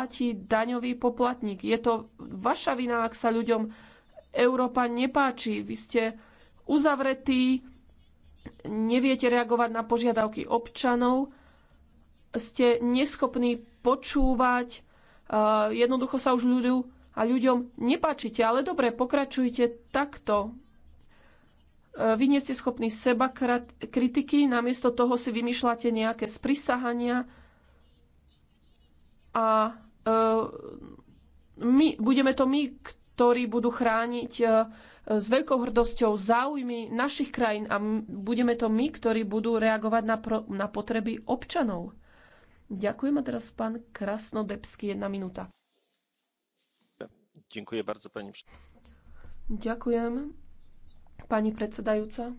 platí daňový poplatník. Je to vaša vina, ak sa ľuďom Európa nepáči. Vy ste uzavretí, neviete reagovať na požiadavky občanov, ste neschopní počúvať, eh, jednoducho sa už ľudu a ľuďom nepáčite. Ale dobre, pokračujte takto. Eh, vy nie ste schopní seba kritiky, namiesto toho si vymýšľate nejaké sprisahania, a E, my, budeme to my, ktorí budú chrániť e, s veľkou hrdosťou záujmy našich krajín a budeme to my, ktorí budú reagovať na, pro, na potreby občanov. Ďakujem a teraz pán Krasnodebský, jedna minúta. Ďakujem bardzo, pani Ďakujem, pani predsedajúca.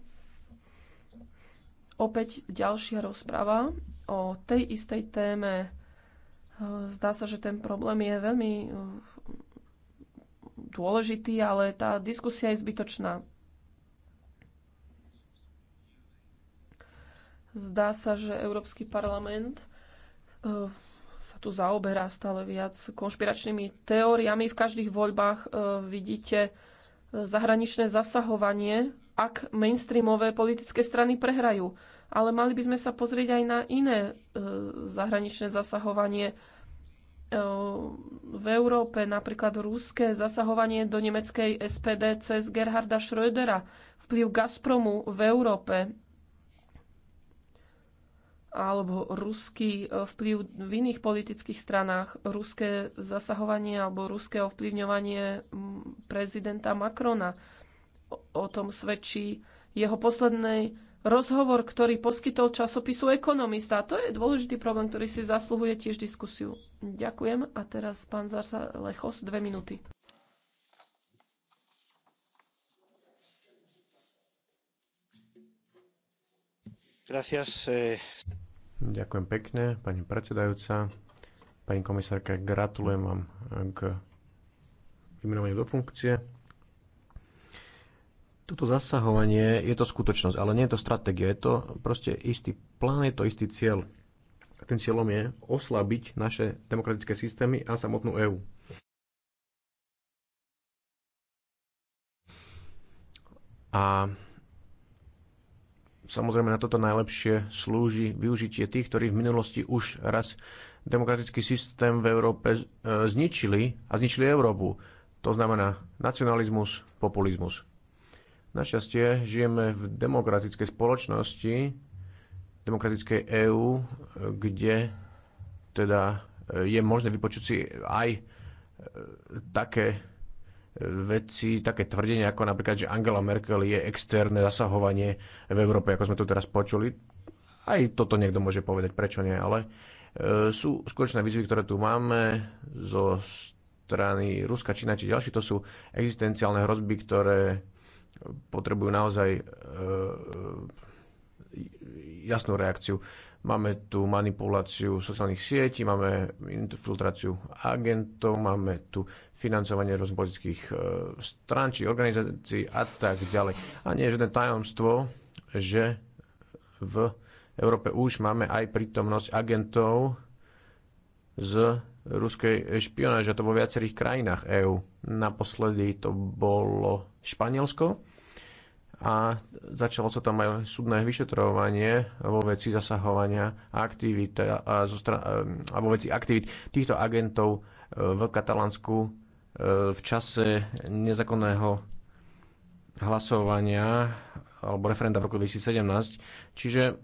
Opäť ďalšia rozprava o tej istej téme Zdá sa, že ten problém je veľmi uh, dôležitý, ale tá diskusia je zbytočná. Zdá sa, že Európsky parlament uh, sa tu zaoberá stále viac konšpiračnými teóriami. V každých voľbách uh, vidíte zahraničné zasahovanie, ak mainstreamové politické strany prehrajú ale mali by sme sa pozrieť aj na iné e, zahraničné zasahovanie e, v Európe, napríklad rúské zasahovanie do nemeckej SPD cez Gerharda Schrödera, vplyv Gazpromu v Európe alebo ruský e, vplyv v iných politických stranách, ruské zasahovanie alebo ruské ovplyvňovanie prezidenta Macrona. O tom svedčí jeho posledný rozhovor, ktorý poskytol časopisu Ekonomista. A to je dôležitý problém, ktorý si zasluhuje tiež diskusiu. Ďakujem. A teraz pán Zarsa Lechos, dve minúty. Gracias. Eh. Ďakujem pekne, pani predsedajúca. Pani komisárka, gratulujem vám k vymenovaniu do funkcie. Toto zasahovanie je to skutočnosť, ale nie je to stratégia. Je to proste istý plán, je to istý cieľ. A tým cieľom je oslabiť naše demokratické systémy a samotnú EÚ. A samozrejme na toto najlepšie slúži využitie tých, ktorí v minulosti už raz demokratický systém v Európe e, zničili a zničili Európu. To znamená nacionalizmus, populizmus. Našťastie žijeme v demokratickej spoločnosti, demokratickej EÚ, kde teda e, je možné vypočuť si aj e, také e, veci, také tvrdenia, ako napríklad, že Angela Merkel je externé zasahovanie v Európe, ako sme to teraz počuli. Aj toto niekto môže povedať, prečo nie, ale sú skutočné výzvy, ktoré tu máme zo strany Ruska, Čína či ďalší. To sú existenciálne hrozby, ktoré potrebujú naozaj e, e, jasnú reakciu. Máme tu manipuláciu sociálnych sietí, máme infiltráciu agentov, máme tu financovanie rôznych e, strán či organizácií a tak ďalej. A nie je žiadne tajomstvo, že v Európe už máme aj prítomnosť agentov z ruskej špionáže, to vo viacerých krajinách EÚ. Naposledy to bolo Španielsko, a začalo sa tam aj súdne vyšetrovanie vo veci zasahovania aktivít a, e, zo stran- e, a vo veci aktivít týchto agentov e, v Katalánsku v čase nezákonného hlasovania alebo referenda v roku 2017. Čiže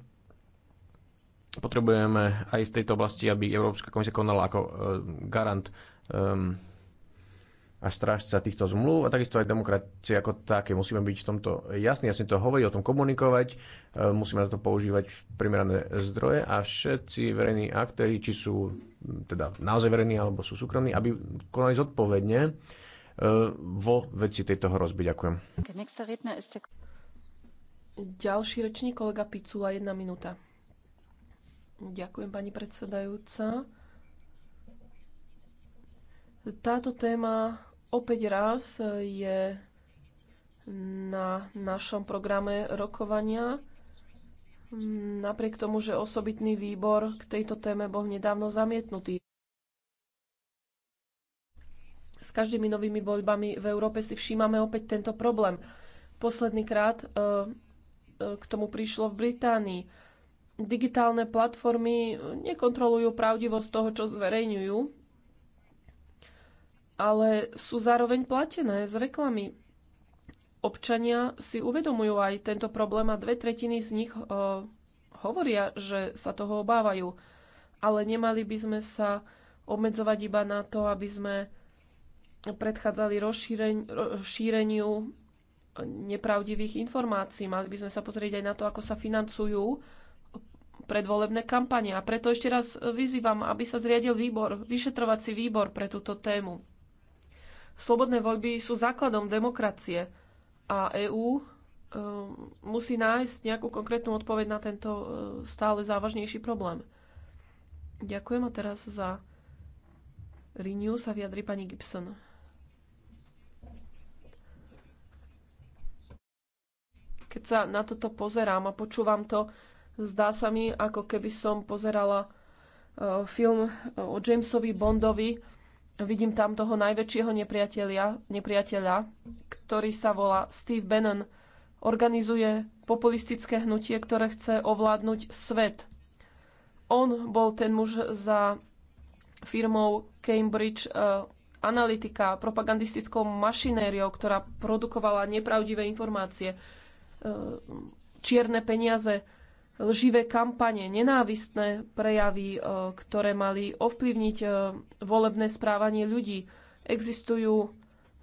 potrebujeme aj v tejto oblasti, aby Európska komisia konala ako garant a strážca týchto zmluv a takisto aj demokracie ako také. Musíme byť v tomto jasný, jasne to hovoriť, o tom komunikovať, e, musíme na to používať primerané zdroje a všetci verejní aktéry, či sú teda naozaj verejní alebo sú súkromní, aby konali zodpovedne e, vo veci tejto hrozby. Ďakujem. Ďalší rečník, kolega Picula, jedna minúta. Ďakujem, pani predsedajúca. Táto téma Opäť raz e, je na našom programe rokovania. Napriek tomu, že osobitný výbor k tejto téme bol nedávno zamietnutý. S každými novými voľbami v Európe si všímame opäť tento problém. Posledný krát e, e, k tomu prišlo v Británii. Digitálne platformy nekontrolujú pravdivosť toho, čo zverejňujú, ale sú zároveň platené z reklamy. Občania si uvedomujú aj tento problém a dve tretiny z nich uh, hovoria, že sa toho obávajú. Ale nemali by sme sa obmedzovať iba na to, aby sme predchádzali rozšíreniu nepravdivých informácií. Mali by sme sa pozrieť aj na to, ako sa financujú predvolebné kampane. A preto ešte raz vyzývam, aby sa zriadil výbor, vyšetrovací výbor pre túto tému. Slobodné voľby sú základom demokracie a EÚ e, musí nájsť nejakú konkrétnu odpoveď na tento e, stále závažnejší problém. Ďakujem a teraz za Renew sa vyjadri pani Gibson. Keď sa na toto pozerám a počúvam to, zdá sa mi, ako keby som pozerala e, film o Jamesovi Bondovi, Vidím tam toho najväčšieho nepriateľa, nepriateľa, ktorý sa volá Steve Bannon. Organizuje populistické hnutie, ktoré chce ovládnuť svet. On bol ten muž za firmou Cambridge eh, Analytica, propagandistickou mašinériou, ktorá produkovala nepravdivé informácie, eh, čierne peniaze, lživé kampane, nenávistné prejavy, e, ktoré mali ovplyvniť e, volebné správanie ľudí. Existujú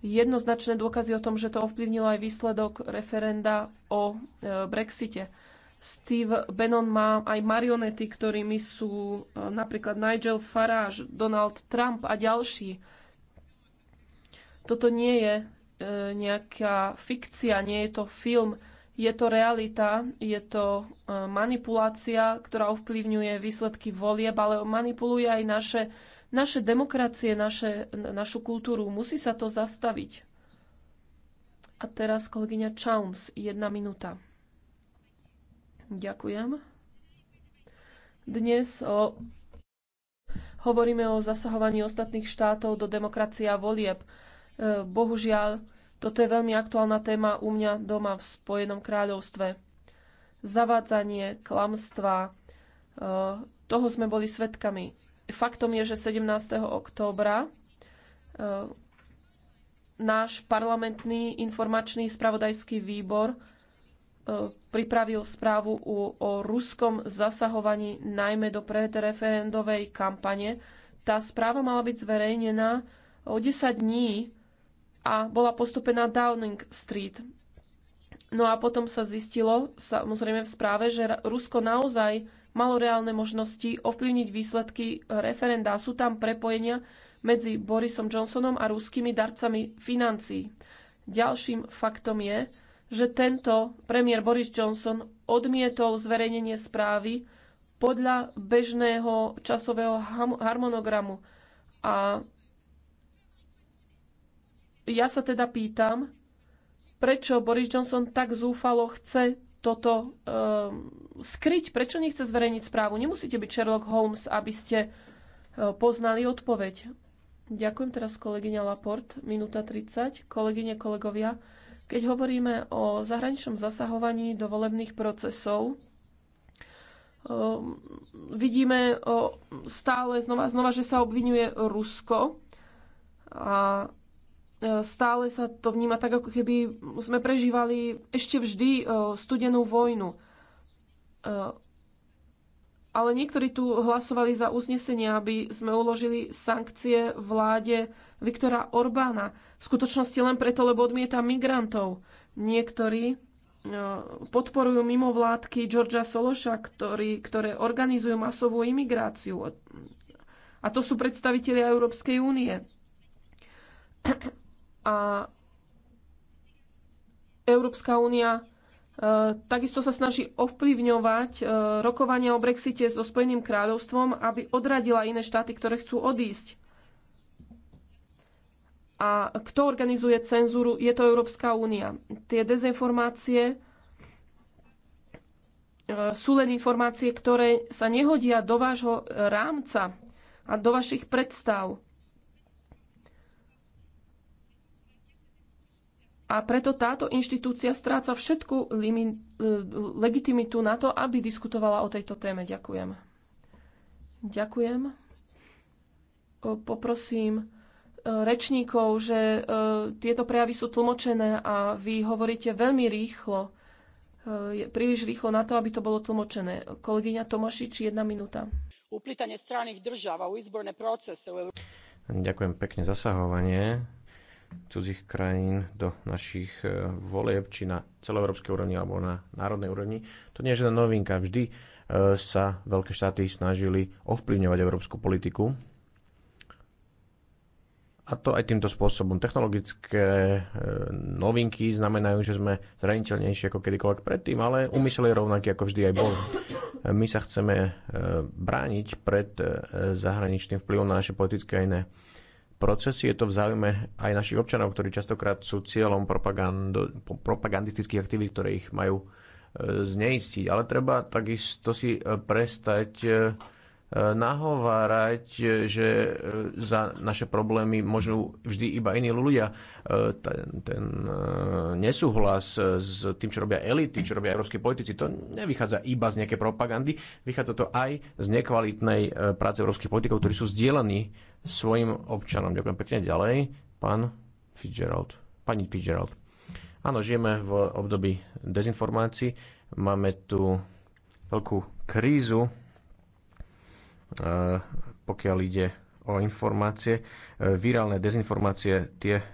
jednoznačné dôkazy o tom, že to ovplyvnilo aj výsledok referenda o e, Brexite. Steve Bannon má aj marionety, ktorými sú napríklad Nigel Farage, Donald Trump a ďalší. Toto nie je nejaká fikcia, nie je to film je to realita, je to e, manipulácia, ktorá ovplyvňuje výsledky volieb, ale manipuluje aj naše, naše demokracie, naše, našu kultúru. Musí sa to zastaviť. A teraz kolegyňa Chowns, jedna minúta. Ďakujem. Dnes o, hovoríme o zasahovaní ostatných štátov do demokracie a volieb. E, bohužiaľ, toto je veľmi aktuálna téma u mňa doma v Spojenom kráľovstve. Zavádzanie, klamstva, e, toho sme boli svedkami. Faktom je, že 17. októbra e, náš parlamentný informačný spravodajský výbor e, pripravil správu o ruskom zasahovaní najmä do predreferendovej kampane. Tá správa mala byť zverejnená o 10 dní a bola postupená Downing Street. No a potom sa zistilo, samozrejme v správe, že Rusko naozaj malo reálne možnosti ovplyvniť výsledky referenda. Sú tam prepojenia medzi Borisom Johnsonom a ruskými darcami financií. Ďalším faktom je, že tento premiér Boris Johnson odmietol zverejnenie správy podľa bežného časového harmonogramu. A ja sa teda pýtam, prečo Boris Johnson tak zúfalo chce toto um, skryť, prečo nechce zverejniť správu. Nemusíte byť Sherlock Holmes, aby ste uh, poznali odpoveď. Ďakujem teraz kolegyňa Laport, minúta 30. Kolegyne, kolegovia, keď hovoríme o zahraničnom zasahovaní do volebných procesov, ehm, vidíme stále znova, znova, že sa obvinuje Rusko a stále sa to vníma tak, ako keby sme prežívali ešte vždy e, studenú vojnu. E, ale niektorí tu hlasovali za uznesenie, aby sme uložili sankcie vláde Viktora Orbána. V skutočnosti len preto, lebo odmieta migrantov. Niektorí e, podporujú mimovládky Georgia Sološa, ktorý, ktoré organizujú masovú imigráciu. A to sú predstavitelia Európskej únie a Európska únia e, takisto sa snaží ovplyvňovať e, rokovania o Brexite so Spojeným kráľovstvom, aby odradila iné štáty, ktoré chcú odísť. A kto organizuje cenzúru? Je to Európska únia. Tie dezinformácie e, sú len informácie, ktoré sa nehodia do vášho rámca a do vašich predstav. A preto táto inštitúcia stráca všetku limi- e, legitimitu na to, aby diskutovala o tejto téme. Ďakujem. Ďakujem. E, poprosím e, rečníkov, že tieto prejavy sú tlmočené a vy hovoríte veľmi rýchlo. Príliš rýchlo na to, aby to bolo tlmočené. Kolegyňa Tomašič, jedna minúta. Uplitanie stranných držav a izborné procese. Ďakujem pekne zasahovanie cudzích krajín do našich e, volieb, či na celoeurópskej úrovni alebo na národnej úrovni. To nie je žiadna novinka. Vždy e, sa veľké štáty snažili ovplyvňovať európsku politiku. A to aj týmto spôsobom. Technologické e, novinky znamenajú, že sme zraniteľnejšie ako kedykoľvek predtým, ale úmysel je rovnaký ako vždy aj bol. My sa chceme brániť pred zahraničným vplyvom na naše politické a iné procesy. Je to v záujme aj našich občanov, ktorí častokrát sú cieľom propagandistických aktivít, ktoré ich majú e, zneistiť. Ale treba takisto si e, prestať e, nahovárať, že za naše problémy môžu vždy iba iní ľudia. Ten, ten nesúhlas s tým, čo robia elity, čo robia európsky politici, to nevychádza iba z nejaké propagandy, vychádza to aj z nekvalitnej práce európskych politikov, ktorí sú zdieľaní svojim občanom. Ďakujem pekne ďalej. Pán Fitzgerald. Pani Fitzgerald. Áno, žijeme v období dezinformácií. Máme tu veľkú krízu, eh, pokiaľ ide o informácie. Eh, virálne dezinformácie tie eh,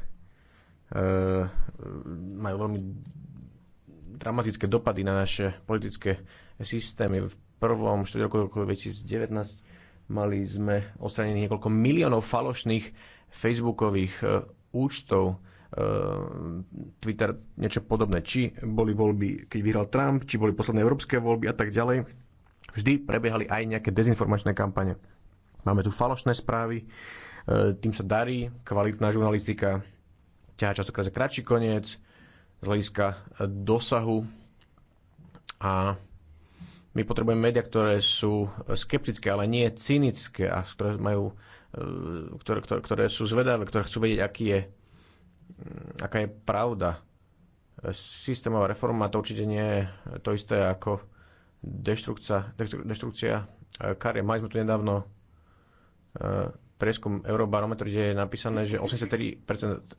majú veľmi dramatické dopady na naše politické systémy. V prvom 4 roku 2019 Mali sme odstranené niekoľko miliónov falošných facebookových e, účtov, e, Twitter, niečo podobné. Či boli voľby, keď vyhral Trump, či boli posledné európske voľby a tak ďalej. Vždy prebiehali aj nejaké dezinformačné kampane. Máme tu falošné správy, e, tým sa darí, kvalitná žurnalistika ťaha častokrát za kratší koniec z hľadiska dosahu a my potrebujeme médiá, ktoré sú e, skeptické, ale nie cynické a ktoré, majú, e, ktoré, ktoré, ktoré sú zvedavé, ktoré chcú vedieť, aký je, mm, aká je pravda. E, systémová reforma to určite nie je to isté ako deštrukcia, deštrukcia kariér. Mali sme tu nedávno prieskum Eurobarometer, kde je napísané, že 83%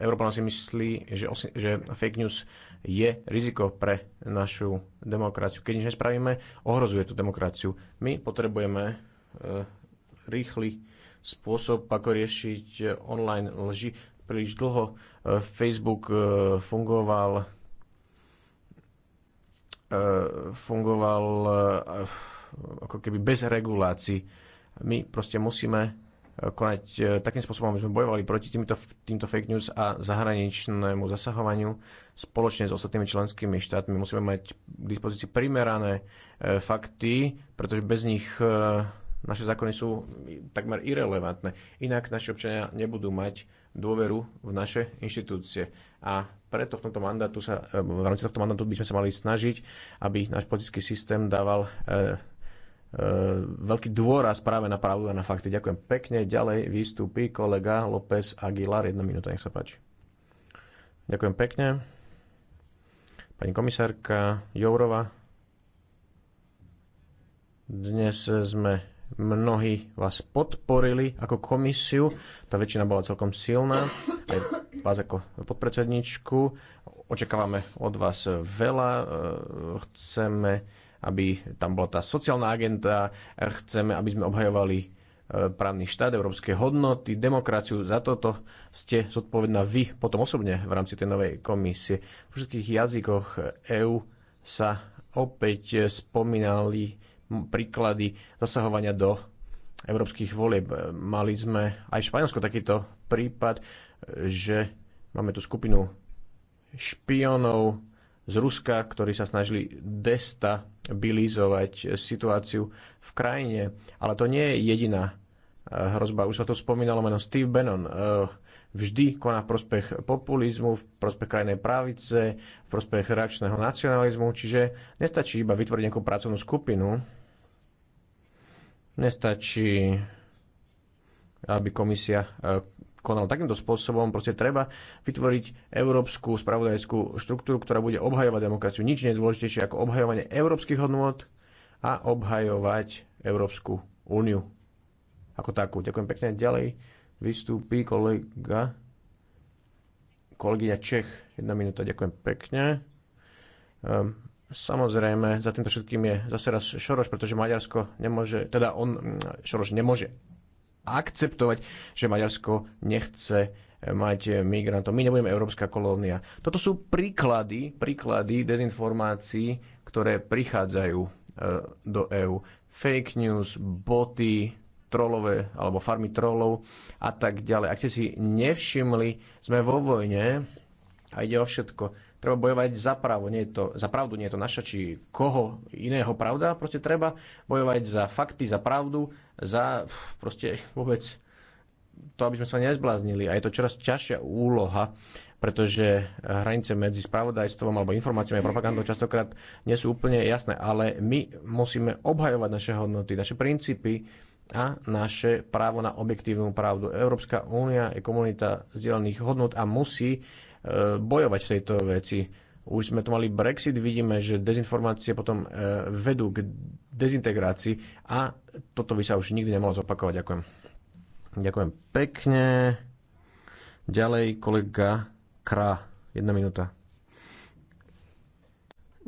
Európana si myslí, že, že fake news je riziko pre našu demokraciu. Keď nič nespravíme, ohrozuje tú demokraciu. My potrebujeme e, rýchly spôsob, ako riešiť eh, online lži. Príliš dlho e, Facebook e, fungoval fungoval ako keby bez regulácií. My proste musíme konať e, takým spôsobom, aby sme bojovali proti týmto, týmto fake news a zahraničnému zasahovaniu spoločne s ostatnými členskými štátmi. Musíme mať k dispozícii primerané e, fakty, pretože bez nich e, naše zákony sú takmer irrelevantné. Inak naši občania nebudú mať dôveru v naše inštitúcie. A preto v, tomto mandátu sa, v rámci tohto mandátu by sme sa mali snažiť, aby náš politický systém dával E, veľký dôraz práve na pravdu a na fakty. Ďakujem pekne. Ďalej vystúpi kolega López Aguilar. Jedna minúta, nech sa páči. Ďakujem pekne. Pani komisárka Jourova, dnes sme mnohí vás podporili ako komisiu. Tá väčšina bola celkom silná. Aj vás ako podpredsedničku. Očakávame od vás veľa. E, chceme aby tam bola tá sociálna agenda, chceme, aby sme obhajovali e, právny štát, európske hodnoty, demokraciu. Za toto ste zodpovedná vy potom osobne v rámci tej novej komisie. V všetkých jazykoch EÚ sa opäť spomínali príklady zasahovania do európskych volieb. Mali sme aj v Španielsku takýto prípad, že máme tu skupinu špionov, z Ruska, ktorí sa snažili destabilizovať situáciu v krajine. Ale to nie je jediná eh, hrozba. Už sa to spomínalo meno Steve Bannon. Eh, vždy koná v prospech populizmu, v prospech krajnej pravice, v prospech reakčného nacionalizmu. Čiže nestačí iba vytvoriť nejakú pracovnú skupinu. Nestačí aby komisia e, konala takýmto spôsobom. Proste treba vytvoriť európsku spravodajskú štruktúru, ktorá bude obhajovať demokraciu. Nič nie je dôležitejšie ako obhajovanie európskych hodnôt a obhajovať Európsku úniu. Ako takú. Ďakujem pekne. Ďalej vystúpi kolega kolegyňa Čech. Jedna minúta. Ďakujem pekne. Um, Samozrejme, za týmto všetkým je zase raz Šoroš, pretože Maďarsko nemôže, teda on, mm, Šoroš nemôže akceptovať, že Maďarsko nechce eh, mať eh, migrantov. My nebudeme európska kolónia. Toto sú príklady, príklady dezinformácií, ktoré prichádzajú eh, do EÚ. Fake news, boty, trolové alebo farmy trolov a tak ďalej. Ak ste si nevšimli, sme vo vojne a ide o všetko treba bojovať za právo. Nie je to, za pravdu nie je to naša, či koho iného pravda. Proste treba bojovať za fakty, za pravdu, za proste vôbec to, aby sme sa nezbláznili. A je to čoraz ťažšia úloha, pretože hranice medzi spravodajstvom alebo informáciami a propagandou častokrát nie sú úplne jasné. Ale my musíme obhajovať naše hodnoty, naše princípy a naše právo na objektívnu pravdu. Európska únia je komunita zdieľaných hodnot a musí E, bojovať v tejto veci. Už sme tu mali Brexit, vidíme, že dezinformácie potom e, vedú k dezintegrácii a toto by sa už nikdy nemalo zopakovať. Ďakujem. Ďakujem pekne. Ďalej kolega Kra. Jedna minúta.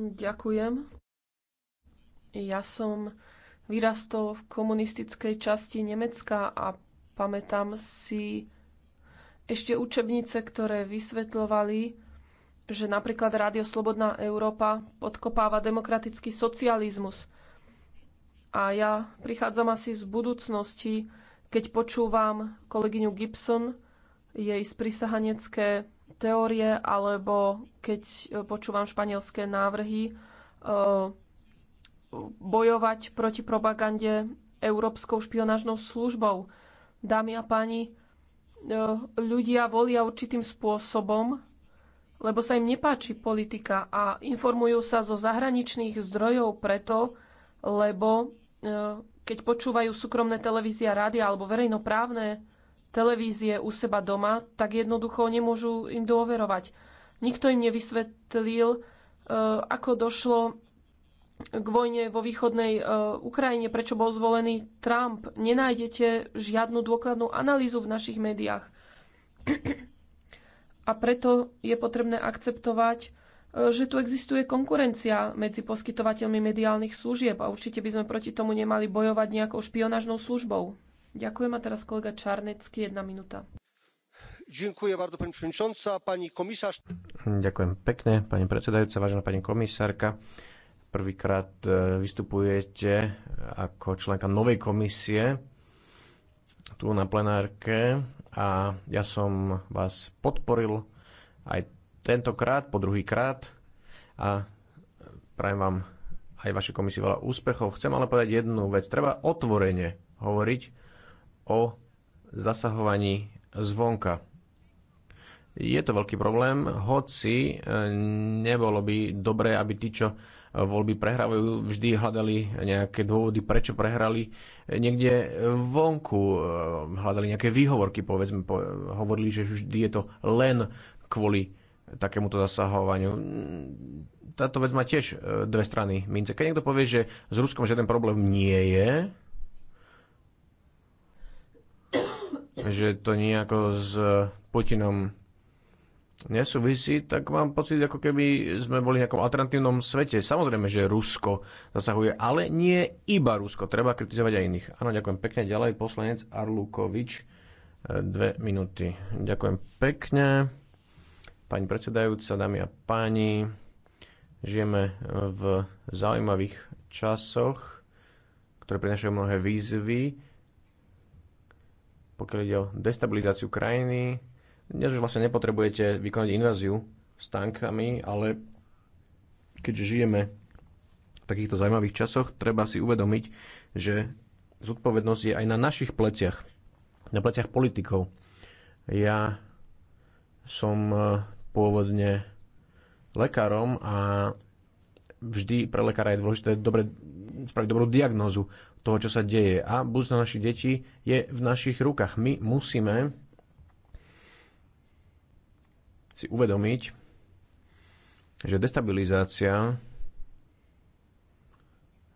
Ďakujem. Ja som vyrastol v komunistickej časti Nemecka a pamätám si ešte učebnice, ktoré vysvetľovali, že napríklad Rádio Slobodná Európa podkopáva demokratický socializmus. A ja prichádzam asi z budúcnosti, keď počúvam kolegyňu Gibson, jej sprisahanecké teórie, alebo keď e, počúvam španielské návrhy e, bojovať proti propagande Európskou špionážnou službou. Dámy a páni, E, ľudia volia určitým spôsobom, lebo sa im nepáči politika a informujú sa zo zahraničných zdrojov preto, lebo e, keď počúvajú súkromné televízia, rádia alebo verejnoprávne televízie u seba doma, tak jednoducho nemôžu im dôverovať. Nikto im nevysvetlil, e, ako došlo k vojne vo východnej e, Ukrajine, prečo bol zvolený Trump. Nenájdete žiadnu dôkladnú analýzu v našich médiách. A preto je potrebné akceptovať, e, že tu existuje konkurencia medzi poskytovateľmi mediálnych služieb a určite by sme proti tomu nemali bojovať nejakou špionážnou službou. Ďakujem a teraz kolega Čarnecký, jedna minúta. Ďakujem pekne, pani predsedajúca, vážená pani komisárka. Prvýkrát e, vystupujete ako členka novej komisie tu na plenárke a ja som vás podporil aj tentokrát, po druhýkrát a prajem vám aj vašej komisii veľa úspechov. Chcem ale povedať jednu vec. Treba otvorene hovoriť o zasahovaní zvonka. Je to veľký problém, hoci e, nebolo by dobré, aby tí, čo voľby prehrávajú, vždy hľadali nejaké dôvody, prečo prehrali niekde vonku, e, hľadali nejaké výhovorky, povedzme, po, hovorili, že vždy je to len kvôli takémuto zasahovaniu. Táto vec má tiež e, dve strany mince. Keď niekto povie, že s Ruskom žiaden problém nie je, že to nejako s Putinom nesúvisí, tak mám pocit, ako keby sme boli v nejakom alternatívnom svete. Samozrejme, že Rusko zasahuje, ale nie iba Rusko. Treba kritizovať aj iných. Áno, ďakujem pekne. Ďalej poslanec Arlukovič. E, dve minúty. Ďakujem pekne. Pani predsedajúca, dámy a páni, žijeme v zaujímavých časoch, ktoré prinašajú mnohé výzvy. Pokiaľ ide o destabilizáciu krajiny, dnes už vlastne nepotrebujete vykonať inváziu s tankami, ale keďže žijeme v takýchto zaujímavých časoch, treba si uvedomiť, že zodpovednosť je aj na našich pleciach, na pleciach politikov. Ja som e, pôvodne lekárom a vždy pre lekára je dôležité dobre, spraviť dobrú diagnózu toho, čo sa deje. A budúcnosť našich detí je v našich rukách. My musíme si uvedomiť, že destabilizácia e,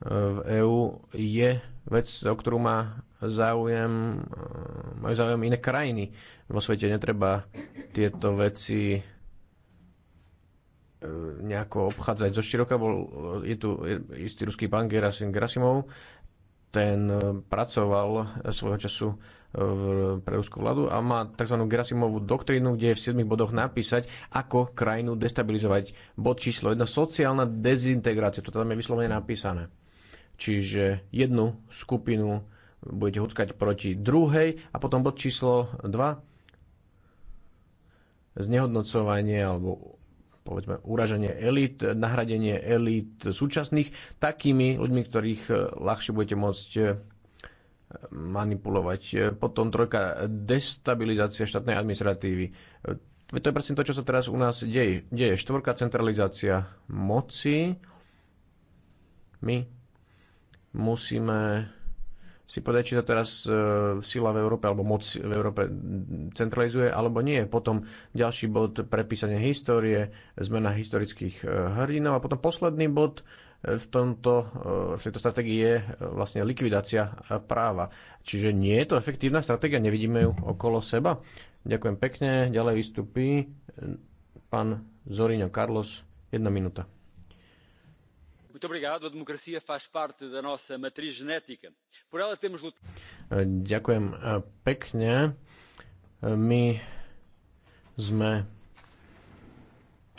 v EÚ je vec, o ktorú má záujem, e, majú záujem iné krajiny. Vo svete netreba tieto veci e, nejako obchádzať zo široka. Bol, je tu istý ruský pán Gerasim Grasimov, ten pracoval svojho času pre ruskú vládu a má tzv. Gerasimovú doktrínu, kde je v 7 bodoch napísať, ako krajinu destabilizovať. Bod číslo 1, sociálna dezintegrácia, to tam je vyslovene napísané. Čiže jednu skupinu budete huckať proti druhej a potom bod číslo 2, znehodnocovanie alebo povedzme, uraženie elít, nahradenie elít súčasných takými ľuďmi, ktorých ľahšie budete môcť manipulovať. Potom trojka, destabilizácia štátnej administratívy. To je presne to, čo sa teraz u nás deje. deje. Štvorka, centralizácia moci. My musíme si povedať, či sa teraz e, sila v Európe alebo moc v Európe centralizuje alebo nie. Potom ďalší bod prepísanie histórie, zmena historických e, hrdinov a potom posledný bod v, tomto, v tejto stratégii je e, vlastne likvidácia práva. Čiže nie je to efektívna stratégia, nevidíme ju okolo seba. Ďakujem pekne. Ďalej vystupí e, pán Zorino Carlos. Jedna minúta. E, ďakujem pekne. My sme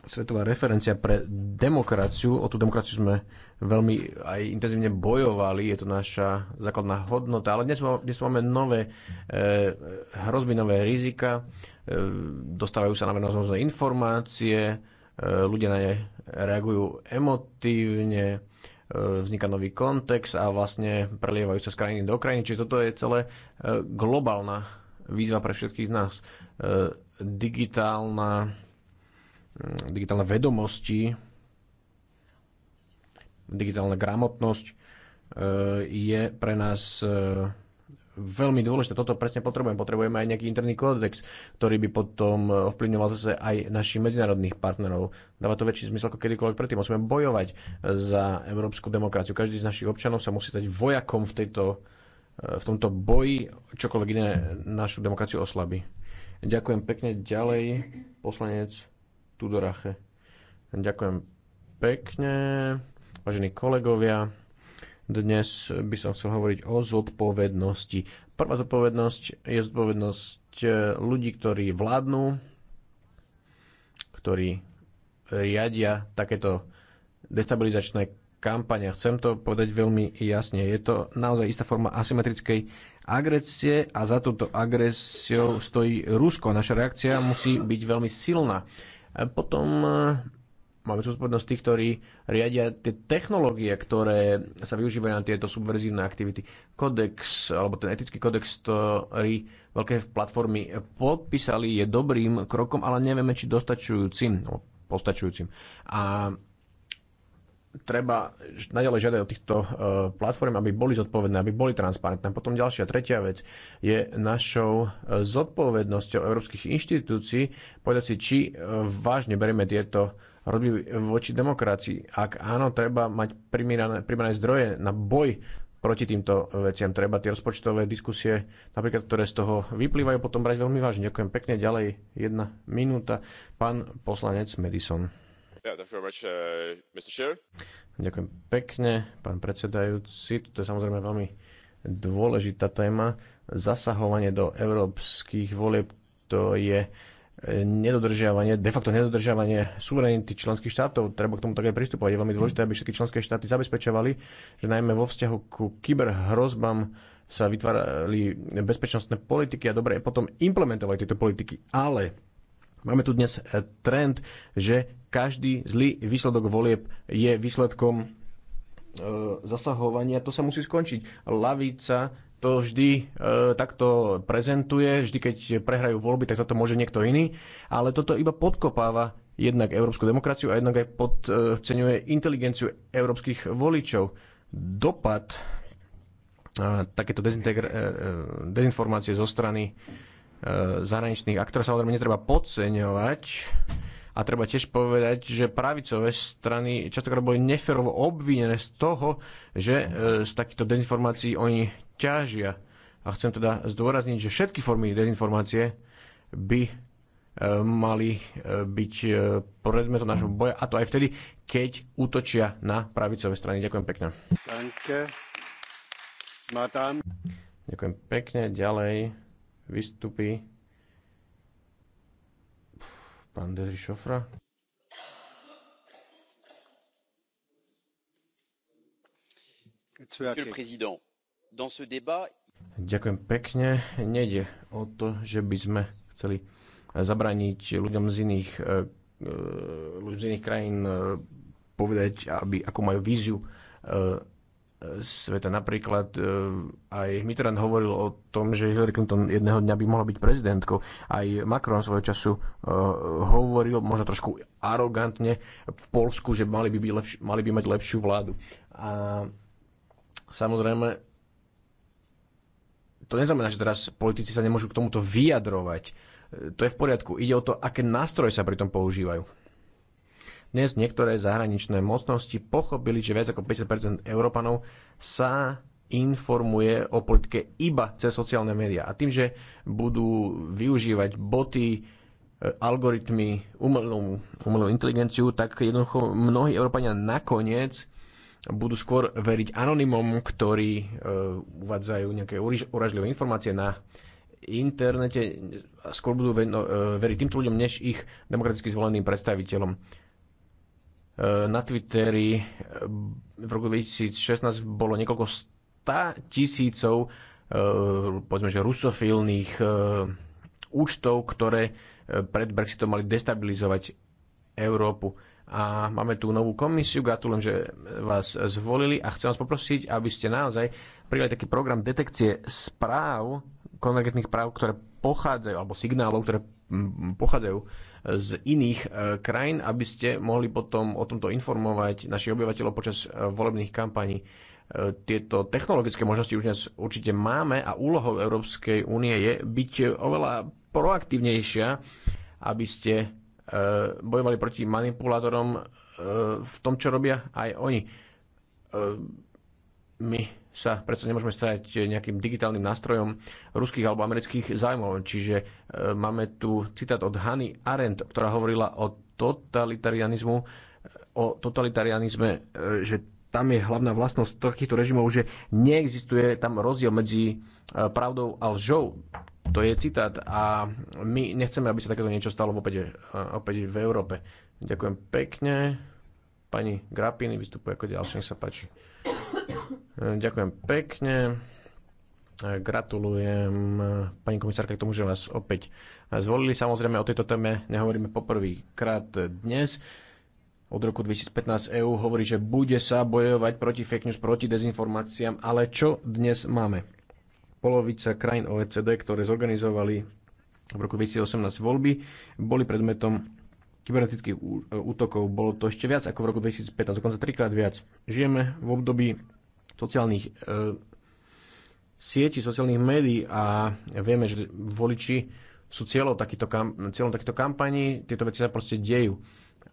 svetová referencia pre demokraciu. O tú demokraciu sme veľmi aj intenzívne bojovali, je to naša základná hodnota, ale dnes, má, dnes máme nové e, hrozby, nové rizika, e, dostávajú sa na rôzne informácie, e, ľudia na ne reagujú emotívne, e, vzniká nový kontext a vlastne prelievajú sa z krajiny do krajiny, čiže toto je celé e, globálna výzva pre všetkých z nás. E, digitálna Mm, digitálne vedomosti, digitálna gramotnosť e, je pre nás e, veľmi dôležité. Toto presne potrebujeme. Potrebujeme aj nejaký interný kódex, ktorý by potom e, ovplyvňoval zase aj našich medzinárodných partnerov. Dáva to väčší zmysel ako kedykoľvek predtým. Musíme bojovať za európsku demokraciu. Každý z našich občanov sa musí stať vojakom v, tejto, v tomto boji. Čokoľvek iné našu demokraciu oslabí. Ďakujem pekne. Ďalej poslanec Tudorache. Ďakujem pekne, vážení kolegovia. Dnes by som chcel hovoriť o zodpovednosti. Prvá zodpovednosť je zodpovednosť e, ľudí, ktorí vládnu, ktorí riadia takéto destabilizačné kampania. Chcem to povedať veľmi jasne. Je to naozaj istá forma asymetrickej agresie a za túto agresiou stojí Rusko. Naša reakcia musí byť veľmi silná. Potom e, máme tu spodnosť tých, ktorí riadia tie technológie, ktoré sa využívajú na tieto subverzívne aktivity. Kodex, alebo ten etický kodex, ktorý veľké platformy podpísali, je dobrým krokom, ale nevieme, či dostačujúcim. No, postačujúcim. A treba naďalej žiadať od týchto e, platform, aby boli zodpovedné, aby boli transparentné. Potom ďalšia, tretia vec je našou e, zodpovednosťou európskych inštitúcií povedať si, či e, vážne berieme tieto robí voči demokracii. Ak áno, treba mať primerané, primerané zdroje na boj proti týmto veciam. Treba tie rozpočtové diskusie, napríklad, ktoré z toho vyplývajú, potom brať veľmi vážne. Ďakujem pekne. Ďalej jedna minúta. Pán poslanec Madison. Uh, Ďakujem pekne, pán predsedajúci. Toto je samozrejme veľmi dôležitá téma. Zasahovanie do európskych volieb to je e, nedodržiavanie, de facto nedodržiavanie suverenity členských štátov. Treba k tomu také pristupovať. Je veľmi dôležité, aby všetky členské štáty zabezpečovali, že najmä vo vzťahu ku kyberhrozbám sa vytvárali bezpečnostné politiky a dobre potom implementovali tieto politiky. Ale Máme tu dnes eh, trend, že každý zlý výsledok volieb je výsledkom eh, zasahovania. To sa musí skončiť. Lavica to vždy e, takto prezentuje, vždy keď prehrajú voľby, tak za to môže niekto iný, ale toto iba podkopáva jednak európsku demokraciu a jednak aj podceňuje e, inteligenciu európskych voličov. Dopad e, takéto dezintegr- e, dezinformácie zo strany E, zahraničných aktorov samozrejme netreba podceňovať a treba tiež povedať, že pravicové strany častokrát boli neferovo obvinené z toho, že e, z takýchto dezinformácií oni ťažia. A chcem teda zdôrazniť, že všetky formy dezinformácie by e, mali byť predmetom nášho boja, a to aj vtedy, keď útočia na pravicové strany. Ďakujem pekne. Ďakujem pekne. Ďalej vystupí pán Dezri Šofra. Ďakujem pekne. Nejde o to, že by sme chceli zabraniť ľuďom z iných, e, e, ľuďom z iných krajín e, povedať, aby, ako majú víziu sveta. Napríklad e, aj Mitterrand hovoril o tom, že Hillary Clinton jedného dňa by mohla byť prezidentkou. Aj Macron svojho času e, hovoril, možno trošku arogantne, v Polsku, že mali by, byť lepš- mali by mať lepšiu vládu. A samozrejme, to neznamená, že teraz politici sa nemôžu k tomuto vyjadrovať. E, to je v poriadku. Ide o to, aké nástroje sa pri tom používajú. Dnes niektoré zahraničné mocnosti pochopili, že viac ako 50 Európanov sa informuje o politike iba cez sociálne médiá. A tým, že budú využívať boty, e, algoritmy, umelú, umelú inteligenciu, tak jednoducho mnohí Európania nakoniec budú skôr veriť anonymom, ktorí e, uvádzajú nejaké uražlivé informácie na internete, a skôr budú e, veriť týmto ľuďom, než ich demokraticky zvoleným predstaviteľom. Eh, na Twitteri eh, v roku 2016 bolo niekoľko sta tisícov eh, povedzme, že rusofilných účtov, ktoré pred Brexitom mali destabilizovať Európu. A máme tu novú komisiu, gratulujem, že vás zvolili a chcem vás poprosiť, aby ste naozaj prijali taký program detekcie správ, konvergentných práv, ktoré pochádzajú, alebo signálov, ktoré mm, pochádzajú z iných e, krajín, aby ste mohli potom o tomto informovať našich obyvateľov počas e, volebných kampaní. E, tieto technologické možnosti už dnes určite máme a úlohou Európskej únie je byť oveľa proaktívnejšia, aby ste bojovali proti manipulátorom v tom, čo robia aj oni. My sa predsa nemôžeme stať nejakým digitálnym nástrojom ruských alebo amerických zájmov. Čiže e, máme tu citát od Hany Arendt, ktorá hovorila o totalitarianizmu, o totalitarianizme, e, že tam je hlavná vlastnosť takýchto režimov, že neexistuje tam rozdiel medzi e, pravdou a lžou. To je citát a my nechceme, aby sa takéto niečo stalo opäť, opäť v Európe. Ďakujem pekne. Pani Grapini vystupuje ako ďalšie, nech sa páči. Ďakujem pekne. Gratulujem pani komisárka k tomu, že vás opäť zvolili. Samozrejme o tejto téme nehovoríme poprvýkrát dnes. Od roku 2015 EÚ hovorí, že bude sa bojovať proti fake news, proti dezinformáciám, ale čo dnes máme? Polovica krajín OECD, ktoré zorganizovali v roku 2018 voľby, boli predmetom kybernetických útokov. Bolo to ešte viac ako v roku 2015, dokonca trikrát viac. Žijeme v období sociálnych e, sietí, sociálnych médií a vieme, že voliči sú cieľom takýchto, kam, cieľom takýchto kampaní, tieto veci sa proste dejú.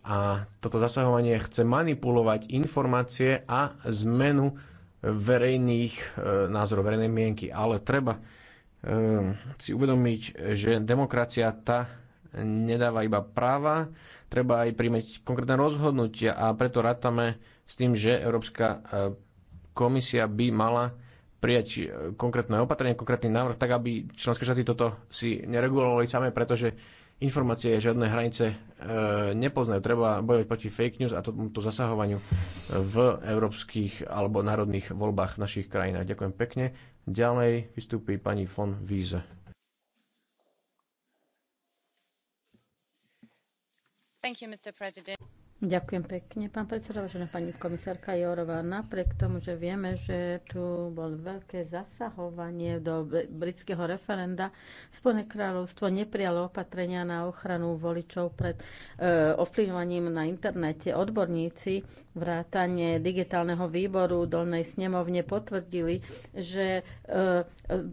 A toto zasahovanie chce manipulovať informácie a zmenu verejných e, názorov, verejnej mienky. Ale treba e, si uvedomiť, že demokracia tá nedáva iba práva, treba aj príjmať konkrétne rozhodnutia a preto rátame s tým, že Európska e, komisia by mala prijať e, konkrétne opatrenie, konkrétny návrh, tak aby členské štáty toto si neregulovali samé, pretože informácie žiadne hranice e, nepoznajú. Treba bojovať proti fake news a tomuto zasahovaniu v európskych alebo národných voľbách v našich krajinách. Ďakujem pekne. Ďalej vystúpi pani von Wiese. you, mr president. Ďakujem pekne, pán predseda, vážená pani komisárka Jorová. Napriek tomu, že vieme, že tu bol veľké zasahovanie do britského referenda, Spojené kráľovstvo neprijalo opatrenia na ochranu voličov pred e, ovplyvňovaním na internete. Odborníci vrátanie digitálneho výboru dolnej snemovne potvrdili, že e,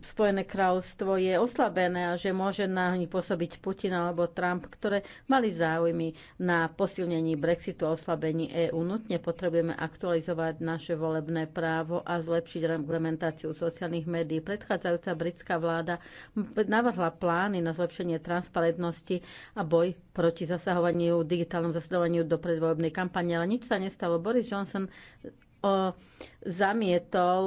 Spojené kráľovstvo je oslabené a že môže na pôsobiť Putin alebo Trump, ktoré mali záujmy na posilnení Brexitu Brexitu a oslabení EÚ nutne potrebujeme aktualizovať naše volebné právo a zlepšiť reglementáciu sociálnych médií. Predchádzajúca britská vláda navrhla plány na zlepšenie transparentnosti a boj proti zasahovaniu, digitálnom zasahovaniu do predvolebnej kampane, ale nič sa nestalo. Boris Johnson zamietol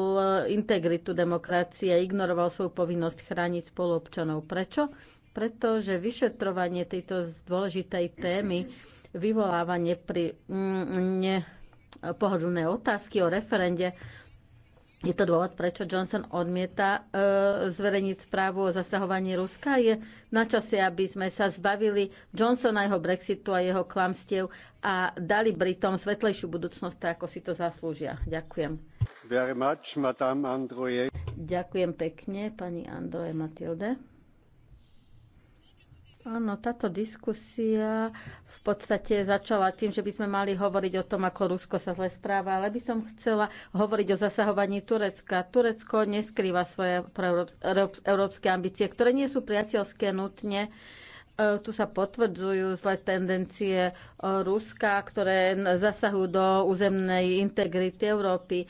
integritu demokracie a ignoroval svoju povinnosť chrániť spoluobčanov. Prečo? Pretože vyšetrovanie tejto dôležitej témy vyvoláva nepri, mm, nepohodlné otázky o referende. Je to dôvod, prečo Johnson odmieta e, zverejniť správu o zasahovaní Ruska. Je na čase, aby sme sa zbavili Johnsona, jeho Brexitu a jeho klamstiev a dali Britom svetlejšiu budúcnosť, tak ako si to zaslúžia. Ďakujem. Very much, Ďakujem pekne, pani Androje Matilde. Áno, táto diskusia v podstate začala tým, že by sme mali hovoriť o tom, ako Rusko sa zle správa, ale by som chcela hovoriť o zasahovaní Turecka. Turecko neskrýva svoje európske ambície, ktoré nie sú priateľské nutne E, tu sa potvrdzujú zlé tendencie e, Ruska, ktoré zasahujú do územnej integrity Európy e,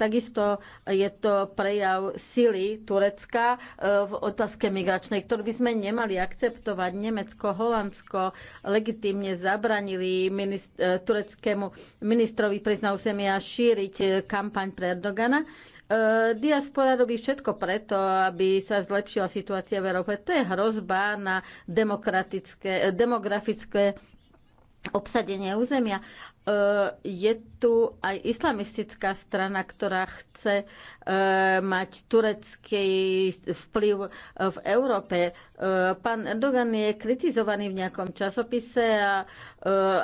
takisto je to prejav sily Turecka v otázke migračnej, ktorú by sme nemali akceptovať. Nemecko, Holandsko legitimne zabranili minist- tureckému ministrovi pre semia šíriť kampaň pre Erdogana E, diaspora robí všetko preto, aby sa zlepšila situácia v Európe. To je hrozba na demokratické, e, demografické obsadenie územia. E, je tu aj islamistická strana, ktorá chce mať turecký vplyv v Európe. Pán Erdogan je kritizovaný v nejakom časopise a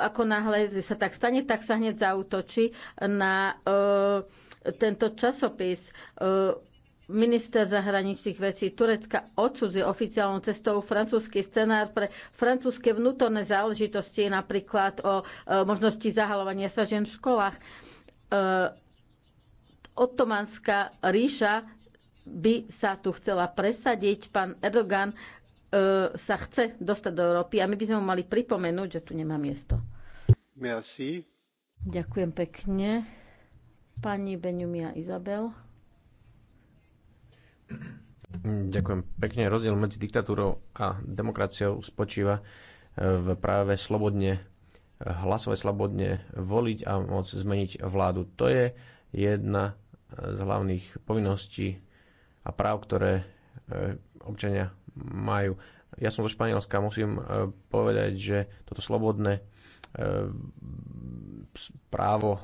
ako náhle sa tak stane, tak sa hneď zautočí na tento časopis e, minister zahraničných vecí Turecka odsudzuje oficiálnou cestou francúzsky scenár pre francúzske vnútorné záležitosti, napríklad o e, možnosti zahalovania sa žien v školách. E, otomanská ríša by sa tu chcela presadiť. Pán Erdogan sa chce dostať do Európy a my by sme mu mali pripomenúť, že tu nemá miesto. Merci. Ďakujem pekne. Pani Benjumia Izabel. Ďakujem pekne. Rozdiel medzi diktatúrou a demokraciou spočíva e, v práve slobodne hlasovať, slobodne voliť a môcť zmeniť vládu. To je jedna z hlavných povinností a práv, ktoré e, občania majú. Ja som zo Španielska, musím e, povedať, že toto slobodné E, právo e,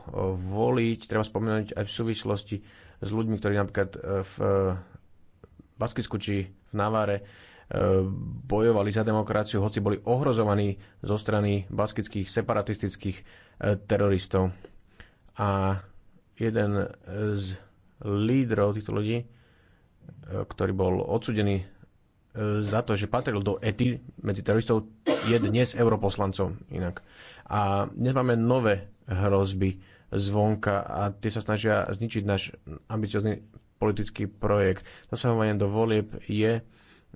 voliť. Treba spomenúť aj v súvislosti s ľuďmi, ktorí napríklad e, v Baskicku či v Navare bojovali za demokraciu, hoci boli ohrozovaní zo strany baskických separatistických teroristov. A jeden z lídrov týchto ľudí, ktorý bol odsudený za to, že patril do ety medzi teroristov, je dnes europoslancom inak. A dnes máme nové hrozby zvonka a tie sa snažia zničiť náš ambiciozný politický projekt. Zasahovanie do volieb je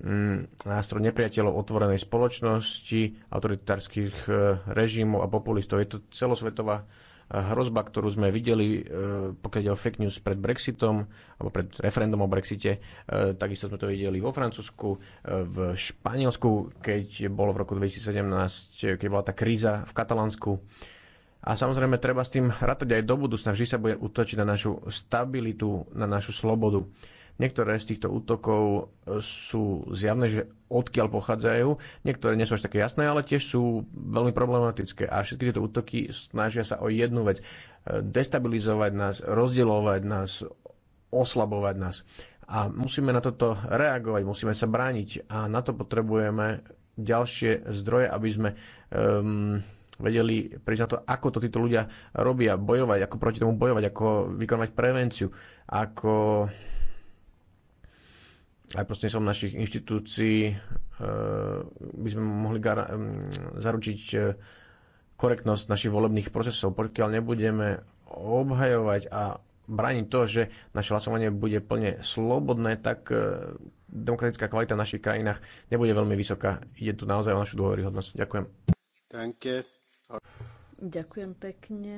mm, nástroj nepriateľov otvorenej spoločnosti, autoritárskych e, režimov a populistov. Je to celosvetová hrozba, ktorú sme videli, e, pokiaľ ide o fake news pred Brexitom, alebo pred referendum o Brexite, e, takisto sme to videli vo Francúzsku, e, v Španielsku, keď bolo v roku 2017, keď bola tá kríza v Katalánsku. A samozrejme, treba s tým rátať aj do budúcna. Vždy sa bude utočiť na našu stabilitu, na našu slobodu. Niektoré z týchto útokov e, sú zjavné, že odkiaľ pochádzajú. Niektoré nie sú až také jasné, ale tiež sú veľmi problematické. A všetky tieto útoky snažia sa o jednu vec. E, destabilizovať nás, rozdielovať nás, oslabovať nás. A musíme na toto reagovať, musíme sa brániť a na to potrebujeme ďalšie zdroje, aby sme um, vedeli prísť na to, ako to títo ľudia robia, bojovať, ako proti tomu bojovať, ako vykonávať prevenciu, ako aj som našich inštitúcií e, by sme mohli zaručiť e, korektnosť našich volebných procesov. Pokiaľ nebudeme obhajovať a brániť to, že naše hlasovanie bude plne slobodné, tak e, demokratická kvalita v našich krajinách nebude veľmi vysoká. Ide tu naozaj o našu dôveryhodnosť. Ďakujem. Ďakujem pekne.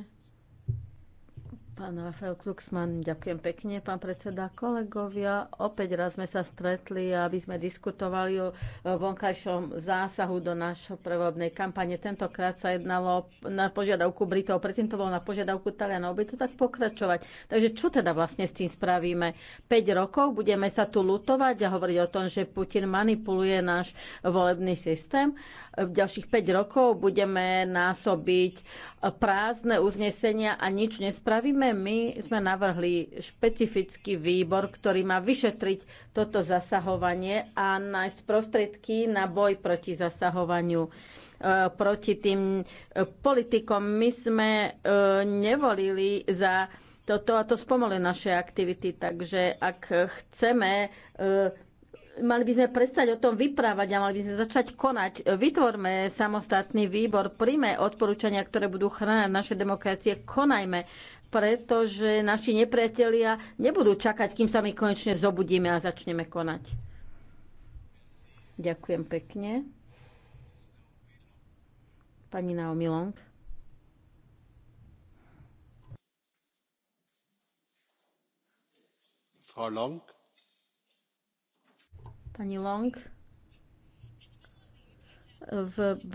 Pán Rafael Kluxman, ďakujem pekne, pán predseda. Kolegovia, opäť raz sme sa stretli, aby sme diskutovali o vonkajšom zásahu do našho prevodnej kampane. Tentokrát sa jednalo na požiadavku Britov, predtým to bolo na požiadavku Talianov. by to tak pokračovať. Takže čo teda vlastne s tým spravíme? 5 rokov budeme sa tu lutovať a hovoriť o tom, že Putin manipuluje náš volebný systém. V ďalších 5 rokov budeme násobiť prázdne uznesenia a nič nespravíme práve my sme navrhli špecifický výbor, ktorý má vyšetriť toto zasahovanie a nájsť prostriedky na boj proti zasahovaniu e, proti tým e, politikom. My sme e, nevolili za toto a to spomalí naše aktivity, takže ak chceme mali by sme prestať o tom vyprávať a mali by sme začať konať. Vytvorme samostatný výbor, príjme odporúčania, ktoré budú chrániť naše demokracie, konajme pretože naši nepriatelia nebudú čakať, kým sa my konečne zobudíme a začneme konať. Ďakujem pekne. Pani Naomi Long. Long. Pani Long v, v,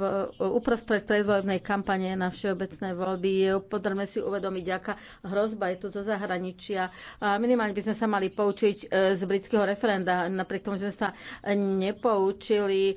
uprostred predvojebnej kampane na všeobecné voľby. Podrme si uvedomiť, aká hrozba je tu zo zahraničia. A minimálne by sme sa mali poučiť e, z britského referenda. Napriek tomu, že sme sa nepoučili, e,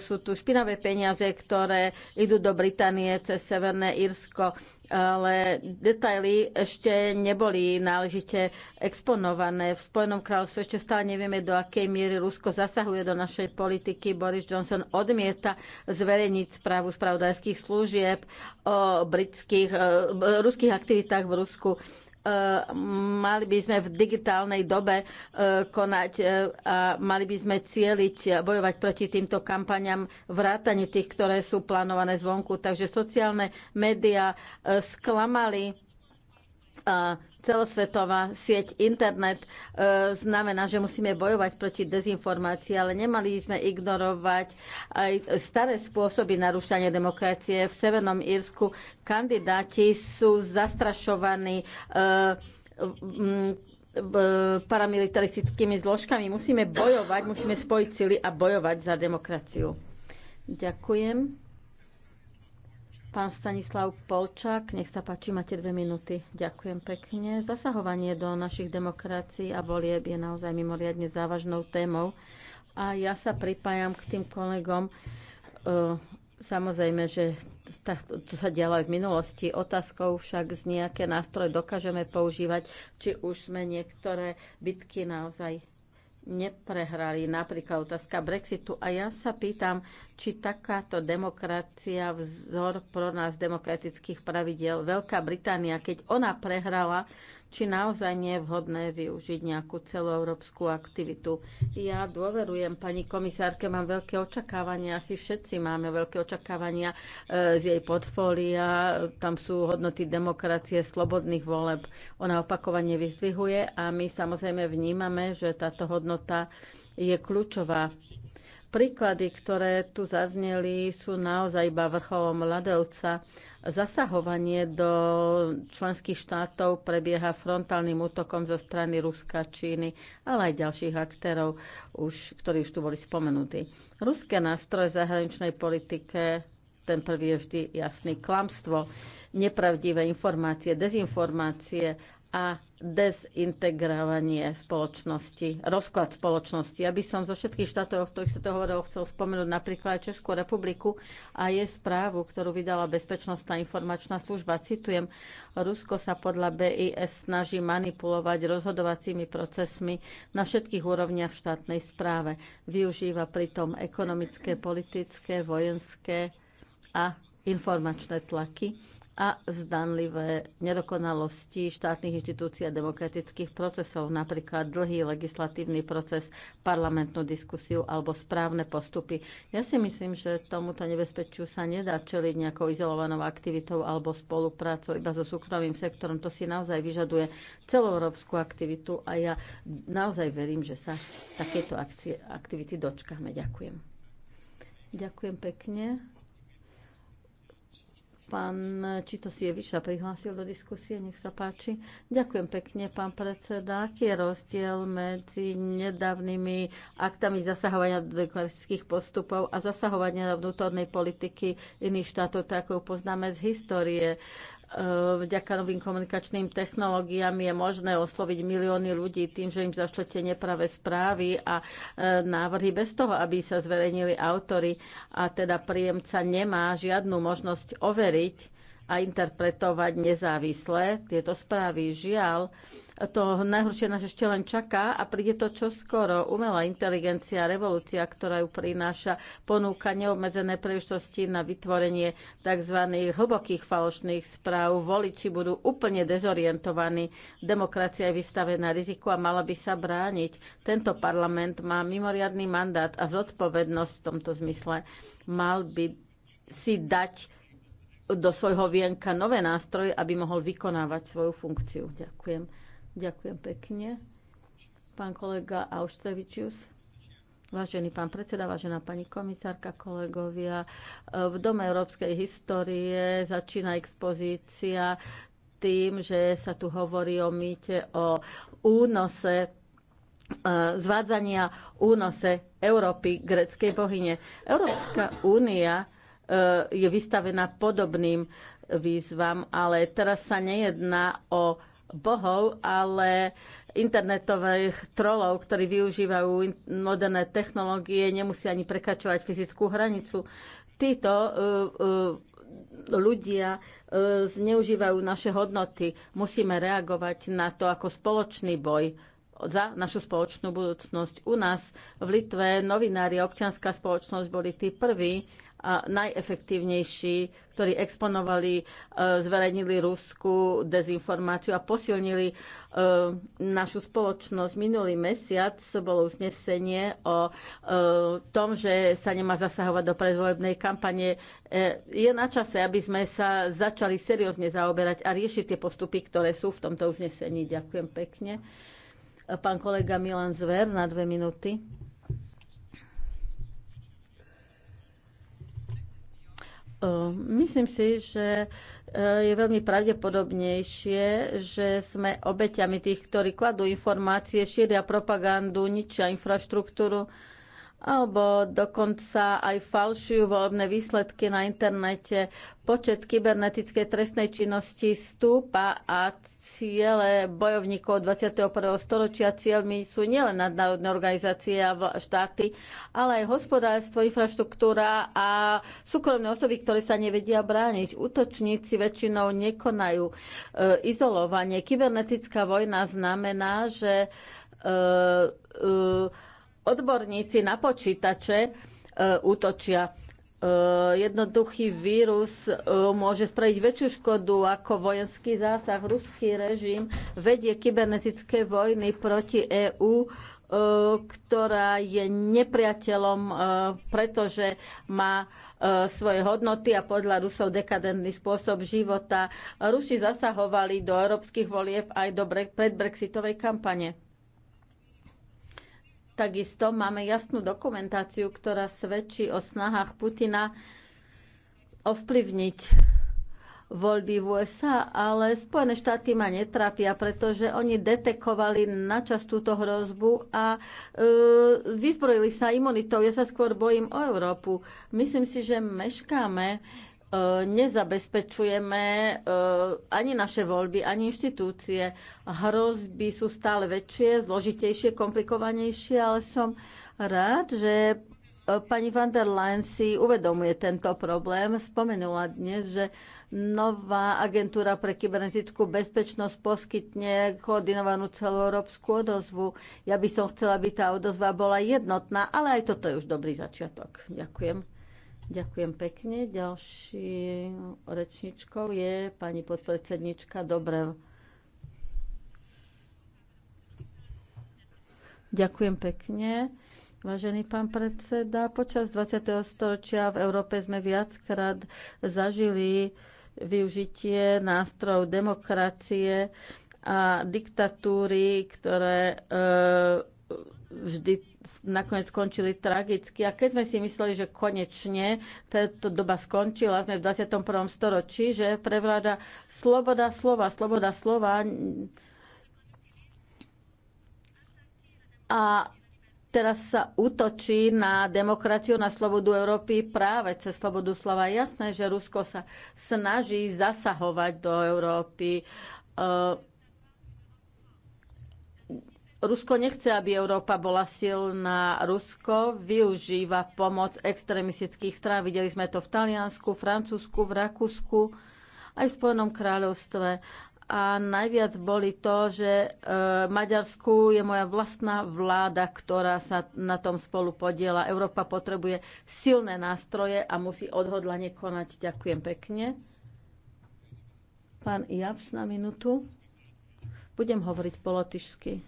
sú tu špinavé peniaze, ktoré idú do Británie cez Severné Írsko ale detaily ešte neboli náležite exponované. V Spojenom kráľovstve ešte stále nevieme, do akej miery Rusko zasahuje do našej politiky. Boris Johnson odmieta zverejniť správu spravodajských služieb o britských, e, ruských aktivitách v Rusku. Eh, mali by sme v digitálnej dobe eh, konať eh, a mali by sme cieliť, bojovať proti týmto kampaniam, vrátane tých, ktoré sú plánované zvonku. Takže sociálne médiá sklamali celosvetová sieť internet e, znamená, že musíme bojovať proti dezinformácii, ale nemali sme ignorovať aj staré spôsoby narúšania demokracie. V Severnom Írsku kandidáti sú zastrašovaní e, e, paramilitaristickými zložkami. Musíme bojovať, musíme spojiť sily a bojovať za demokraciu. Ďakujem. Pán Stanislav Polčák, nech sa páči, máte dve minúty. Ďakujem pekne. Zasahovanie do našich demokracií a volieb je naozaj mimoriadne závažnou témou. A ja sa pripájam k tým kolegom. E, samozrejme, že to sa dialo aj v minulosti. Otázkou však z nejaké nástroje dokážeme používať, či už sme niektoré bitky naozaj neprehrali, napríklad otázka Brexitu. A ja sa pýtam, či takáto demokracia, vzor pro nás demokratických pravidel, Veľká Británia, keď ona prehrala, či naozaj nie je vhodné využiť nejakú celoeurópsku aktivitu. Ja dôverujem pani komisárke, mám veľké očakávania, asi všetci máme veľké očakávania eh, z jej portfólia, tam sú hodnoty demokracie, slobodných voleb. Ona opakovane vyzdvihuje a my samozrejme vnímame, že táto hodnota je kľúčová Príklady, ktoré tu zazneli, sú naozaj iba vrcholom ľadovca. Zasahovanie do členských štátov prebieha frontálnym útokom zo strany Ruska, Číny, ale aj ďalších aktérov, už, ktorí už tu boli spomenutí. Ruské nástroje zahraničnej politike ten prvý je vždy jasný. Klamstvo, nepravdivé informácie, dezinformácie a dezintegrovanie spoločnosti, rozklad spoločnosti. Aby som zo všetkých štátov, o ktorých sa to hovorilo, chcel spomenúť napríklad aj Českú republiku a je správu, ktorú vydala Bezpečnostná informačná služba. Citujem, Rusko sa podľa BIS snaží manipulovať rozhodovacími procesmi na všetkých úrovniach v štátnej správe. Využíva pritom ekonomické, politické, vojenské a informačné tlaky a zdanlivé nedokonalosti štátnych inštitúcií a demokratických procesov, napríklad dlhý legislatívny proces, parlamentnú diskusiu alebo správne postupy. Ja si myslím, že tomuto nebezpečiu sa nedá čeliť nejakou izolovanou aktivitou alebo spoluprácou iba so súkromným sektorom. To si naozaj vyžaduje celoeurópsku aktivitu a ja naozaj verím, že sa takéto akcie, aktivity dočkáme. Ďakujem. Ďakujem pekne. Pán Sievič sa prihlásil do diskusie, nech sa páči. Ďakujem pekne, pán predseda. Aký je rozdiel medzi nedávnymi aktami zasahovania do deklaračských postupov a zasahovania do vnútornej politiky iných štátov, tak ako poznáme z histórie? Eh, vďaka novým komunikačným technológiám je možné osloviť milióny ľudí tým, že im zašlete nepravé správy a eh, návrhy bez toho, aby sa zverejnili autory a teda príjemca nemá žiadnu možnosť overiť a interpretovať nezávisle tieto správy. Žiaľ, to najhoršie nás ešte len čaká a príde to čoskoro. Umelá inteligencia, revolúcia, ktorá ju prináša, ponúka neobmedzené príležitosti na vytvorenie tzv. hlbokých falošných správ. Voliči budú úplne dezorientovaní. Demokracia je vystavená riziku a mala by sa brániť. Tento parlament má mimoriadný mandát a zodpovednosť v tomto zmysle. Mal by si dať do svojho vienka nové nástroje, aby mohol vykonávať svoju funkciu. Ďakujem. Ďakujem pekne. Pán kolega Auštrevičius. Vážený pán predseda, vážená pani komisárka, kolegovia, v Dome európskej histórie začína expozícia tým, že sa tu hovorí o mýte o únose e, zvádzania únose Európy greckej bohyne. Európska únia e, je vystavená podobným výzvam, ale teraz sa nejedná o bohov, ale internetových trolov, ktorí využívajú moderné technológie, nemusia ani prekačovať fyzickú hranicu. Títo uh, uh, ľudia e, zneužívajú naše hodnoty. Musíme reagovať na to ako spoločný boj za našu spoločnú budúcnosť. U nás v Litve novinári a občianská spoločnosť boli tí prví, a najefektívnejší, ktorí exponovali, e, zverejnili rusku dezinformáciu a posilnili e, našu spoločnosť. Minulý mesiac bolo uznesenie o e, tom, že sa nemá zasahovať do predvolebnej kampane. Je na čase, aby sme sa začali seriózne zaoberať a riešiť tie postupy, ktoré sú v tomto uznesení. Ďakujem pekne. Pán kolega Milan Zver na dve minúty. Ehm, myslím si, že eh, je veľmi pravdepodobnejšie, že sme obeťami tých, ktorí kladú informácie, šíria propagandu, ničia infraštruktúru alebo dokonca aj falšujú volebné výsledky na internete. Počet kybernetickej trestnej činnosti stúpa a ciele bojovníkov 21. storočia cieľmi sú nielen nadnárodné organizácie a štáty, ale aj hospodárstvo, infraštruktúra a súkromné osoby, ktoré sa nevedia brániť. Útočníci väčšinou nekonajú e, izolovanie. Kybernetická vojna znamená, že e, e, odborníci na počítače e, útočia. E, jednoduchý vírus e, môže spraviť väčšiu škodu ako vojenský zásah. Ruský režim vedie kybernetické vojny proti EÚ, ktorá je nepriateľom, pretože má svoje hodnoty a podľa Rusov dekadentný spôsob života. Rusi zasahovali do európskych volieb aj do predbrexitovej kampane. Takisto máme jasnú dokumentáciu, ktorá svedčí o snahách Putina ovplyvniť voľby v USA, ale Spojené štáty ma netrapia, pretože oni detekovali načas túto hrozbu a e, vyzbrojili sa imunitou. Ja sa skôr bojím o Európu. Myslím si, že meškáme E, nezabezpečujeme e, ani naše voľby, ani inštitúcie. Hrozby sú stále väčšie, zložitejšie, komplikovanejšie, ale som rád, že e, pani van der Leyen si uvedomuje tento problém. Spomenula dnes, že nová agentúra pre kybernetickú bezpečnosť poskytne koordinovanú celoeurópsku odozvu. Ja by som chcela, aby tá odozva bola jednotná, ale aj toto je už dobrý začiatok. Ďakujem. Ďakujem pekne. Ďalší rečničkou je pani podpredsednička Dobrev. Ďakujem pekne. Vážený pán predseda, počas 20. storočia v Európe sme viackrát zažili využitie nástrojov demokracie a diktatúry, ktoré e, vždy nakoniec skončili tragicky. A keď sme si mysleli, že konečne táto doba skončila, sme v 21. storočí, že prevláda sloboda slova, sloboda slova. A teraz sa útočí na demokraciu, na slobodu Európy práve cez slobodu slova. Jasné, že Rusko sa snaží zasahovať do Európy. E, Rusko nechce, aby Európa bola silná. Rusko využíva pomoc extremistických strán. Videli sme to v Taliansku, Francúzsku, v Rakúsku, aj v Spojenom kráľovstve. A najviac boli to, že e, Maďarsku je moja vlastná vláda, ktorá sa na tom spolu podiela. Európa potrebuje silné nástroje a musí odhodlane konať. Ďakujem pekne. Pán Japs na minútu. Budem hovoriť po lotyšsky.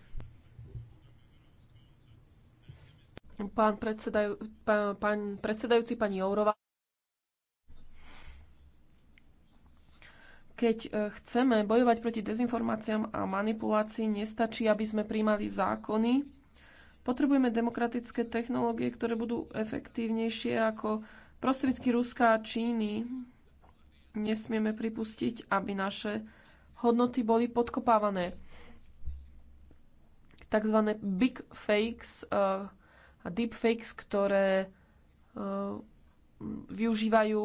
Pán, predsedajú, pán, pán predsedajúci, pani Jourova, keď e, chceme bojovať proti dezinformáciám a manipulácii, nestačí, aby sme príjmali zákony. Potrebujeme demokratické technológie, ktoré budú efektívnejšie ako prostriedky Ruska a Číny. Nesmieme pripustiť, aby naše hodnoty boli podkopávané. Takzvané big fakes e, a deepfakes, ktoré e, využívajú,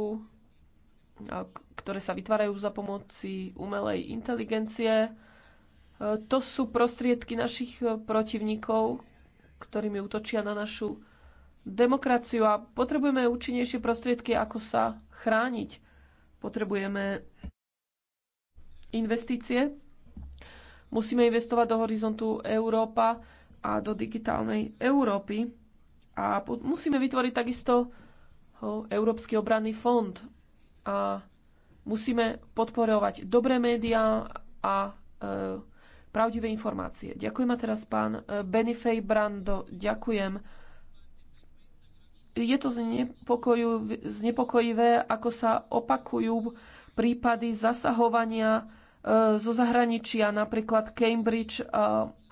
ktoré sa vytvárajú za pomoci umelej inteligencie. E, to sú prostriedky našich e, protivníkov, ktorými útočia na našu demokraciu a potrebujeme účinnejšie prostriedky, ako sa chrániť. Potrebujeme investície. Musíme investovať do horizontu Európa a do digitálnej Európy a musíme vytvoriť takisto Európsky obranný fond. A musíme podporovať dobré médiá a e, pravdivé informácie. Ďakujem a teraz pán e, Benifej Brando. Ďakujem. Je to znepokojivé, ako sa opakujú prípady zasahovania Eh, zo zahraničia, napríklad Cambridge eh,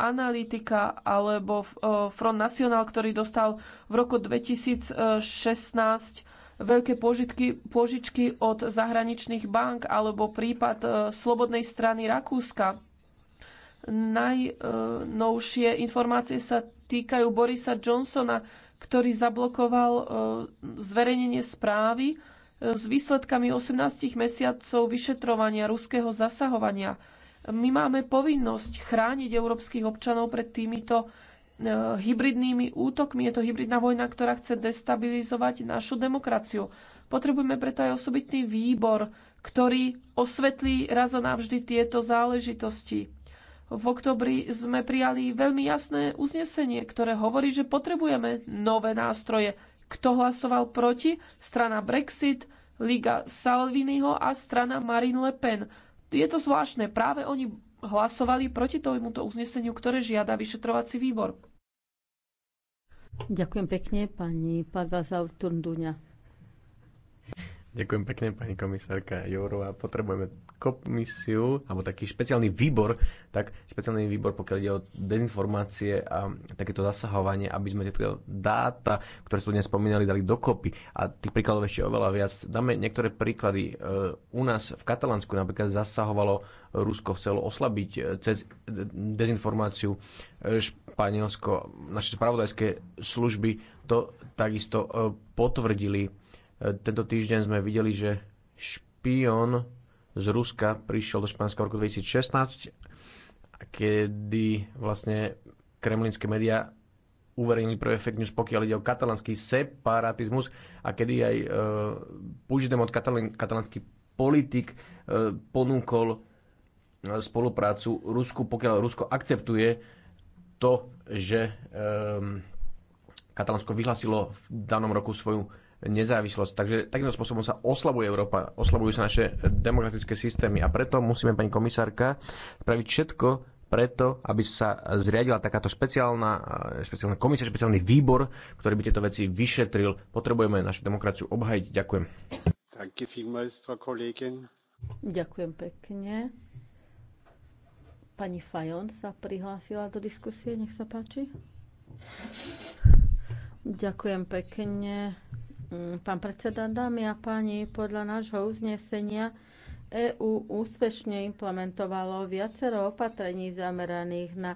Analytica alebo eh, Front National, ktorý dostal v roku 2016 veľké požitky, požičky od zahraničných bank alebo prípad Slobodnej strany Rakúska. Najnovšie informácie sa týkajú Borisa Johnsona, ktorý zablokoval zverejnenie správy s výsledkami 18 mesiacov vyšetrovania ruského zasahovania. My máme povinnosť chrániť európskych občanov pred týmito e, hybridnými útokmi. Je to hybridná vojna, ktorá chce destabilizovať našu demokraciu. Potrebujeme preto aj osobitný výbor, ktorý osvetlí raz a navždy tieto záležitosti. V oktobri sme prijali veľmi jasné uznesenie, ktoré hovorí, že potrebujeme nové nástroje, kto hlasoval proti? Strana Brexit, Liga Salviniho a strana Marine Le Pen. Je to zvláštne, práve oni hlasovali proti tomuto uzneseniu, ktoré žiada vyšetrovací výbor. Ďakujem pekne, pani Pagazaur Turnduňa. Ďakujem pekne, pani komisárka Jourová. Potrebujeme komisiu, alebo taký špeciálny výbor, tak špeciálny výbor, pokiaľ ide o dezinformácie a takéto zasahovanie, aby sme tieto dáta, ktoré sú dnes spomínali, dali dokopy. A tých príkladov ešte oveľa viac. Dáme niektoré príklady. E, u nás v Katalánsku napríklad zasahovalo Rusko, chcelo oslabiť e, cez dezinformáciu e, Španielsko. Naše spravodajské služby to takisto potvrdili. Tento týždeň sme videli, že špion z Ruska prišiel do Španielska v roku 2016, kedy vlastne kremlinské médiá uverejnili prvé fake news, pokiaľ ide o katalánsky separatizmus a kedy aj e, Puigdemont, katalán, katalánsky politik, e, ponúkol e, spoluprácu Rusku, pokiaľ Rusko akceptuje to, že e, Katalánsko vyhlasilo v danom roku svoju nezávislosť. Takže takýmto spôsobom sa oslabuje Európa, oslabujú sa naše demokratické systémy a preto musíme, pani komisárka, spraviť všetko preto, aby sa zriadila takáto špeciálna, eh, špeciálna komisia, špeciálny výbor, ktorý by tieto veci vyšetril. Potrebujeme našu demokraciu obhajiť. Ďakujem. Ďakujem pekne. Pani Fajon sa prihlásila do diskusie, nech sa páči. Ďakujem pekne. Mm, pán predseda, dámy a páni, podľa nášho uznesenia EÚ úspešne implementovalo viacero opatrení zameraných na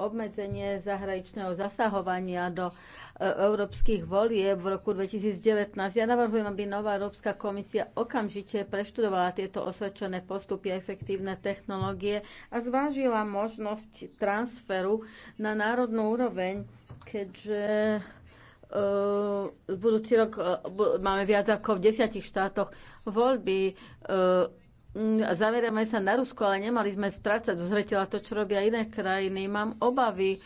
obmedzenie zahraničného zasahovania do e, európskych volieb v roku 2019. Ja navrhujem, aby nová Európska komisia okamžite preštudovala tieto osvedčené postupy a efektívne technológie a zvážila možnosť transferu na národnú úroveň, keďže v e, budúci rok e, máme viac ako v desiatich štátoch voľby. E, zavierame sa na Rusko, ale nemali sme strácať do zretela to, čo robia iné krajiny. Mám obavy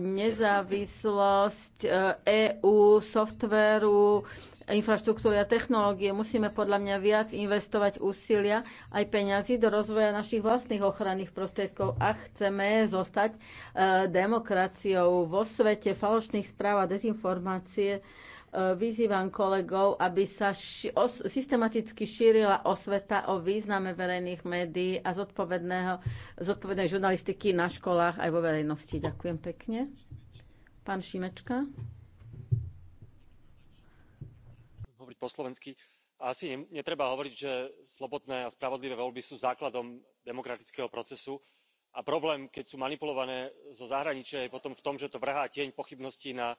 nezávislosť EÚ, e softvéru, infraštruktúry a technológie. Musíme podľa mňa viac investovať úsilia aj peňazí do rozvoja našich vlastných ochranných prostriedkov a chceme zostať e, demokraciou vo svete falošných správ a dezinformácie E, vyzývam kolegov, aby sa ši- os- systematicky šírila osveta o význame verejných médií a zodpovedného, zodpovednej žurnalistiky na školách aj vo verejnosti. Ďakujem pekne. Pán Šimečka. Hovoriť po slovensky. Asi netreba hovoriť, že slobodné a spravodlivé voľby sú základom demokratického procesu. A problém, keď sú manipulované zo zahraničia, je potom v tom, že to vrhá tieň pochybností na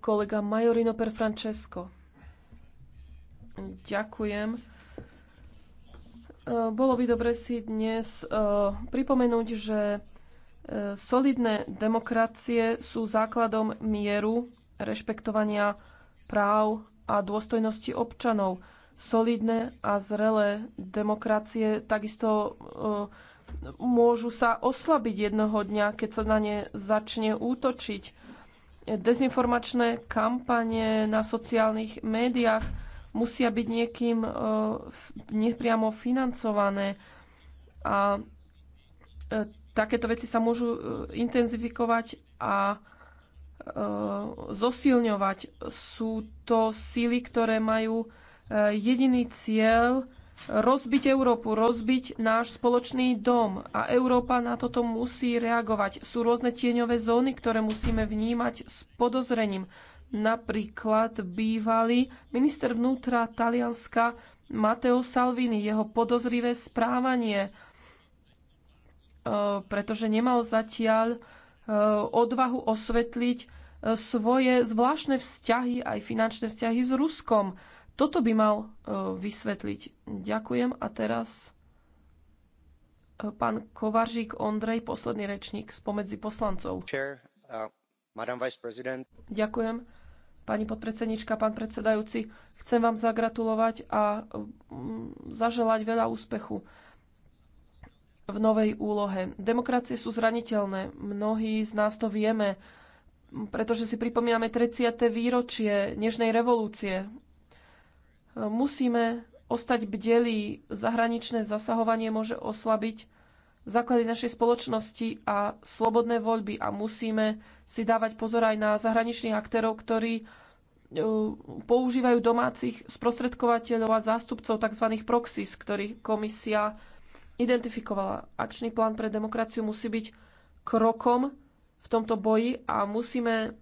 kolega Majorino per Francesco. Ďakujem. Eh, bolo by dobre si dnes eh, pripomenúť, že eh, solidné demokracie sú základom mieru, rešpektovania práv a dôstojnosti občanov. Solidné a zrelé demokracie takisto môžu sa oslabiť jednoho dňa, keď sa na ne začne útočiť Dezinformačné kampane na sociálnych médiách musia byť niekým e, nepriamo financované a e, takéto veci sa môžu e, intenzifikovať a zosilňovať. Sú to síly, ktoré majú jediný cieľ rozbiť Európu, rozbiť náš spoločný dom. A Európa na toto musí reagovať. Sú rôzne tieňové zóny, ktoré musíme vnímať s podozrením. Napríklad bývalý minister vnútra Talianska Matteo Salvini, jeho podozrivé správanie, e, pretože nemal zatiaľ e, odvahu osvetliť e, svoje zvláštne vzťahy, aj finančné vzťahy s Ruskom toto by mal e, vysvetliť. Ďakujem a teraz e, pán Kovaržík Ondrej, posledný rečník spomedzi poslancov. Chair, uh, Ďakujem. Pani podpredsednička, pán predsedajúci, chcem vám zagratulovať a mm, zaželať veľa úspechu v novej úlohe. Demokracie sú zraniteľné. Mnohí z nás to vieme, pretože si pripomíname 30. výročie Nežnej revolúcie Musíme ostať bdelí. Zahraničné zasahovanie môže oslabiť základy našej spoločnosti a slobodné voľby a musíme si dávať pozor aj na zahraničných aktérov, ktorí e, používajú domácich sprostredkovateľov a zástupcov tzv. proxys, ktorých komisia identifikovala. Akčný plán pre demokraciu musí byť krokom v tomto boji a musíme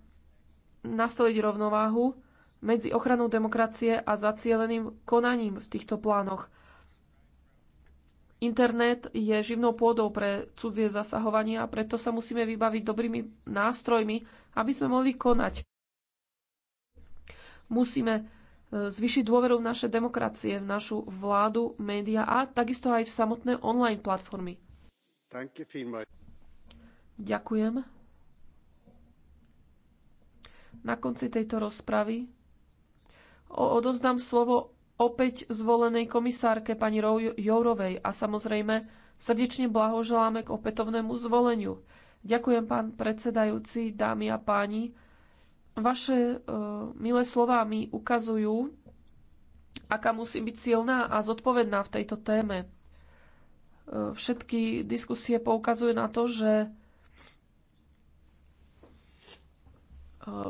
nastoliť rovnováhu medzi ochranou demokracie a zacieleným konaním v týchto plánoch. Internet je živnou pôdou pre cudzie zasahovania a preto sa musíme vybaviť dobrými nástrojmi, aby sme mohli konať. Musíme e, zvyšiť dôveru v naše demokracie, v našu vládu, média a takisto aj v samotné online platformy. Ďakujem. Na konci tejto rozpravy odovzdám slovo opäť zvolenej komisárke pani Jourovej a samozrejme srdečne blahoželáme k opätovnému zvoleniu. Ďakujem, pán predsedajúci, dámy a páni. Vaše e, milé slová mi ukazujú, aká musí byť silná a zodpovedná v tejto téme. E, všetky diskusie poukazujú na to, že e,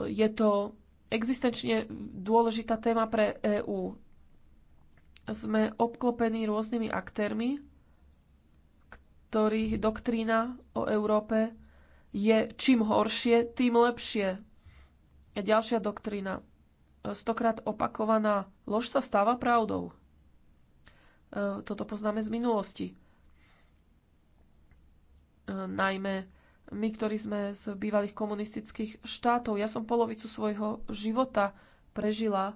je to existenčne dôležitá téma pre EÚ. Sme obklopení rôznymi aktérmi, ktorých doktrína o Európe je čím horšie, tým lepšie. A ďalšia doktrína. Stokrát opakovaná lož sa stáva pravdou. E, toto poznáme z minulosti. E, najmä my, ktorí sme z bývalých komunistických štátov. Ja som polovicu svojho života prežila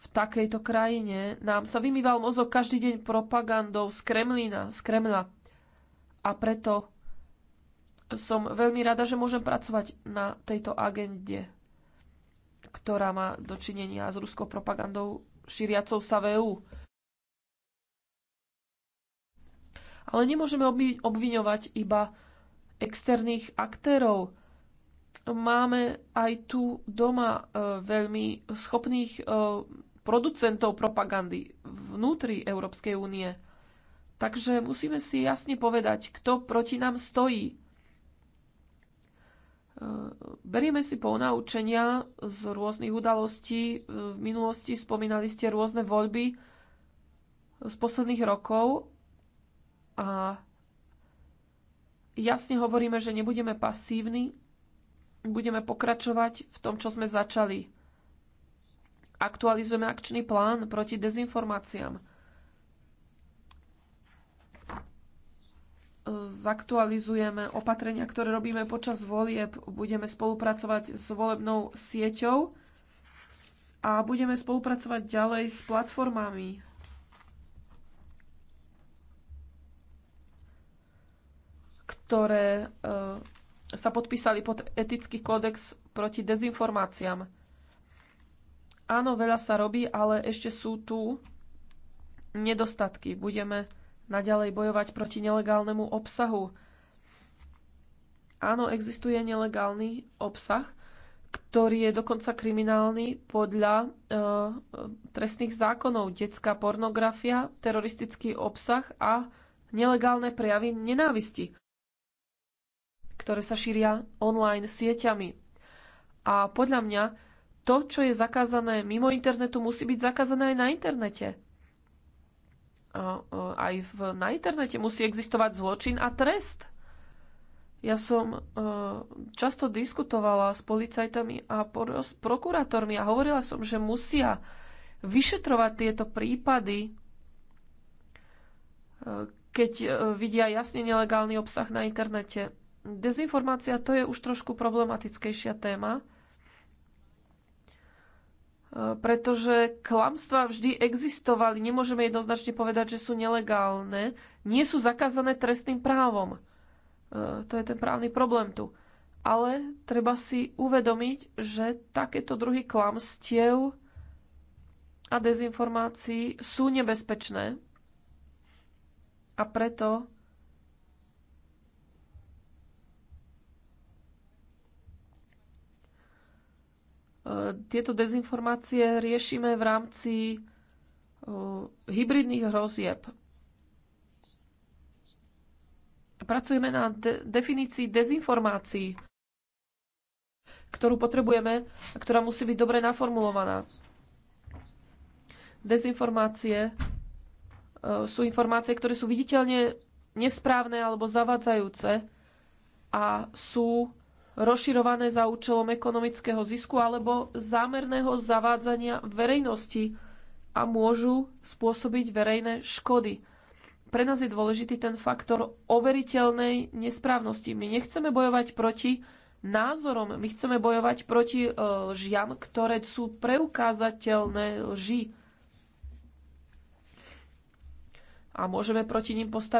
v takejto krajine. Nám sa vymýval mozog každý deň propagandou z Kremlína, z Kremla. A preto som veľmi rada, že môžem pracovať na tejto agende, ktorá má dočinenia s ruskou propagandou šíriacou sa v EU. Ale nemôžeme obviňovať iba externých aktérov. Máme aj tu doma e, veľmi schopných e, producentov propagandy vnútri Európskej únie. Takže musíme si jasne povedať, kto proti nám stojí. E, berieme si ponaučenia z rôznych udalostí. V minulosti spomínali ste rôzne voľby z posledných rokov a jasne hovoríme, že nebudeme pasívni, budeme pokračovať v tom, čo sme začali. Aktualizujeme akčný plán proti dezinformáciám. Zaktualizujeme opatrenia, ktoré robíme počas volieb. Budeme spolupracovať s volebnou sieťou a budeme spolupracovať ďalej s platformami ktoré eh, sa podpísali pod etický kódex proti dezinformáciám. Áno, veľa sa robí, ale ešte sú tu nedostatky. Budeme naďalej bojovať proti nelegálnemu obsahu. Áno, existuje nelegálny obsah, ktorý je dokonca kriminálny podľa e, trestných zákonov. Detská pornografia, teroristický obsah a nelegálne prejavy nenávisti ktoré sa šíria online sieťami. A podľa mňa to, čo je zakázané mimo internetu, musí byť zakázané aj na internete. A, aj v, na internete musí existovať zločin a trest. Ja som e, často diskutovala s policajtami a poros, prokurátormi a hovorila som, že musia vyšetrovať tieto prípady, e, keď e, vidia jasne nelegálny obsah na internete. Dezinformácia to je už trošku problematickejšia téma, e, pretože klamstvá vždy existovali. Nemôžeme jednoznačne povedať, že sú nelegálne. Nie sú zakázané trestným právom. E, to je ten právny problém tu. Ale treba si uvedomiť, že takéto druhy klamstiev a dezinformácií sú nebezpečné. A preto Tieto dezinformácie riešime v rámci hybridných hrozieb. Pracujeme na de- definícii dezinformácií, ktorú potrebujeme a ktorá musí byť dobre naformulovaná. Dezinformácie e, sú informácie, ktoré sú viditeľne nesprávne alebo zavadzajúce a sú rozširované za účelom ekonomického zisku alebo zámerného zavádzania verejnosti a môžu spôsobiť verejné škody. Pre nás je dôležitý ten faktor overiteľnej nesprávnosti. My nechceme bojovať proti názorom, my chceme bojovať proti e, lžiam, ktoré sú preukázateľné lži. A môžeme proti ním postaviť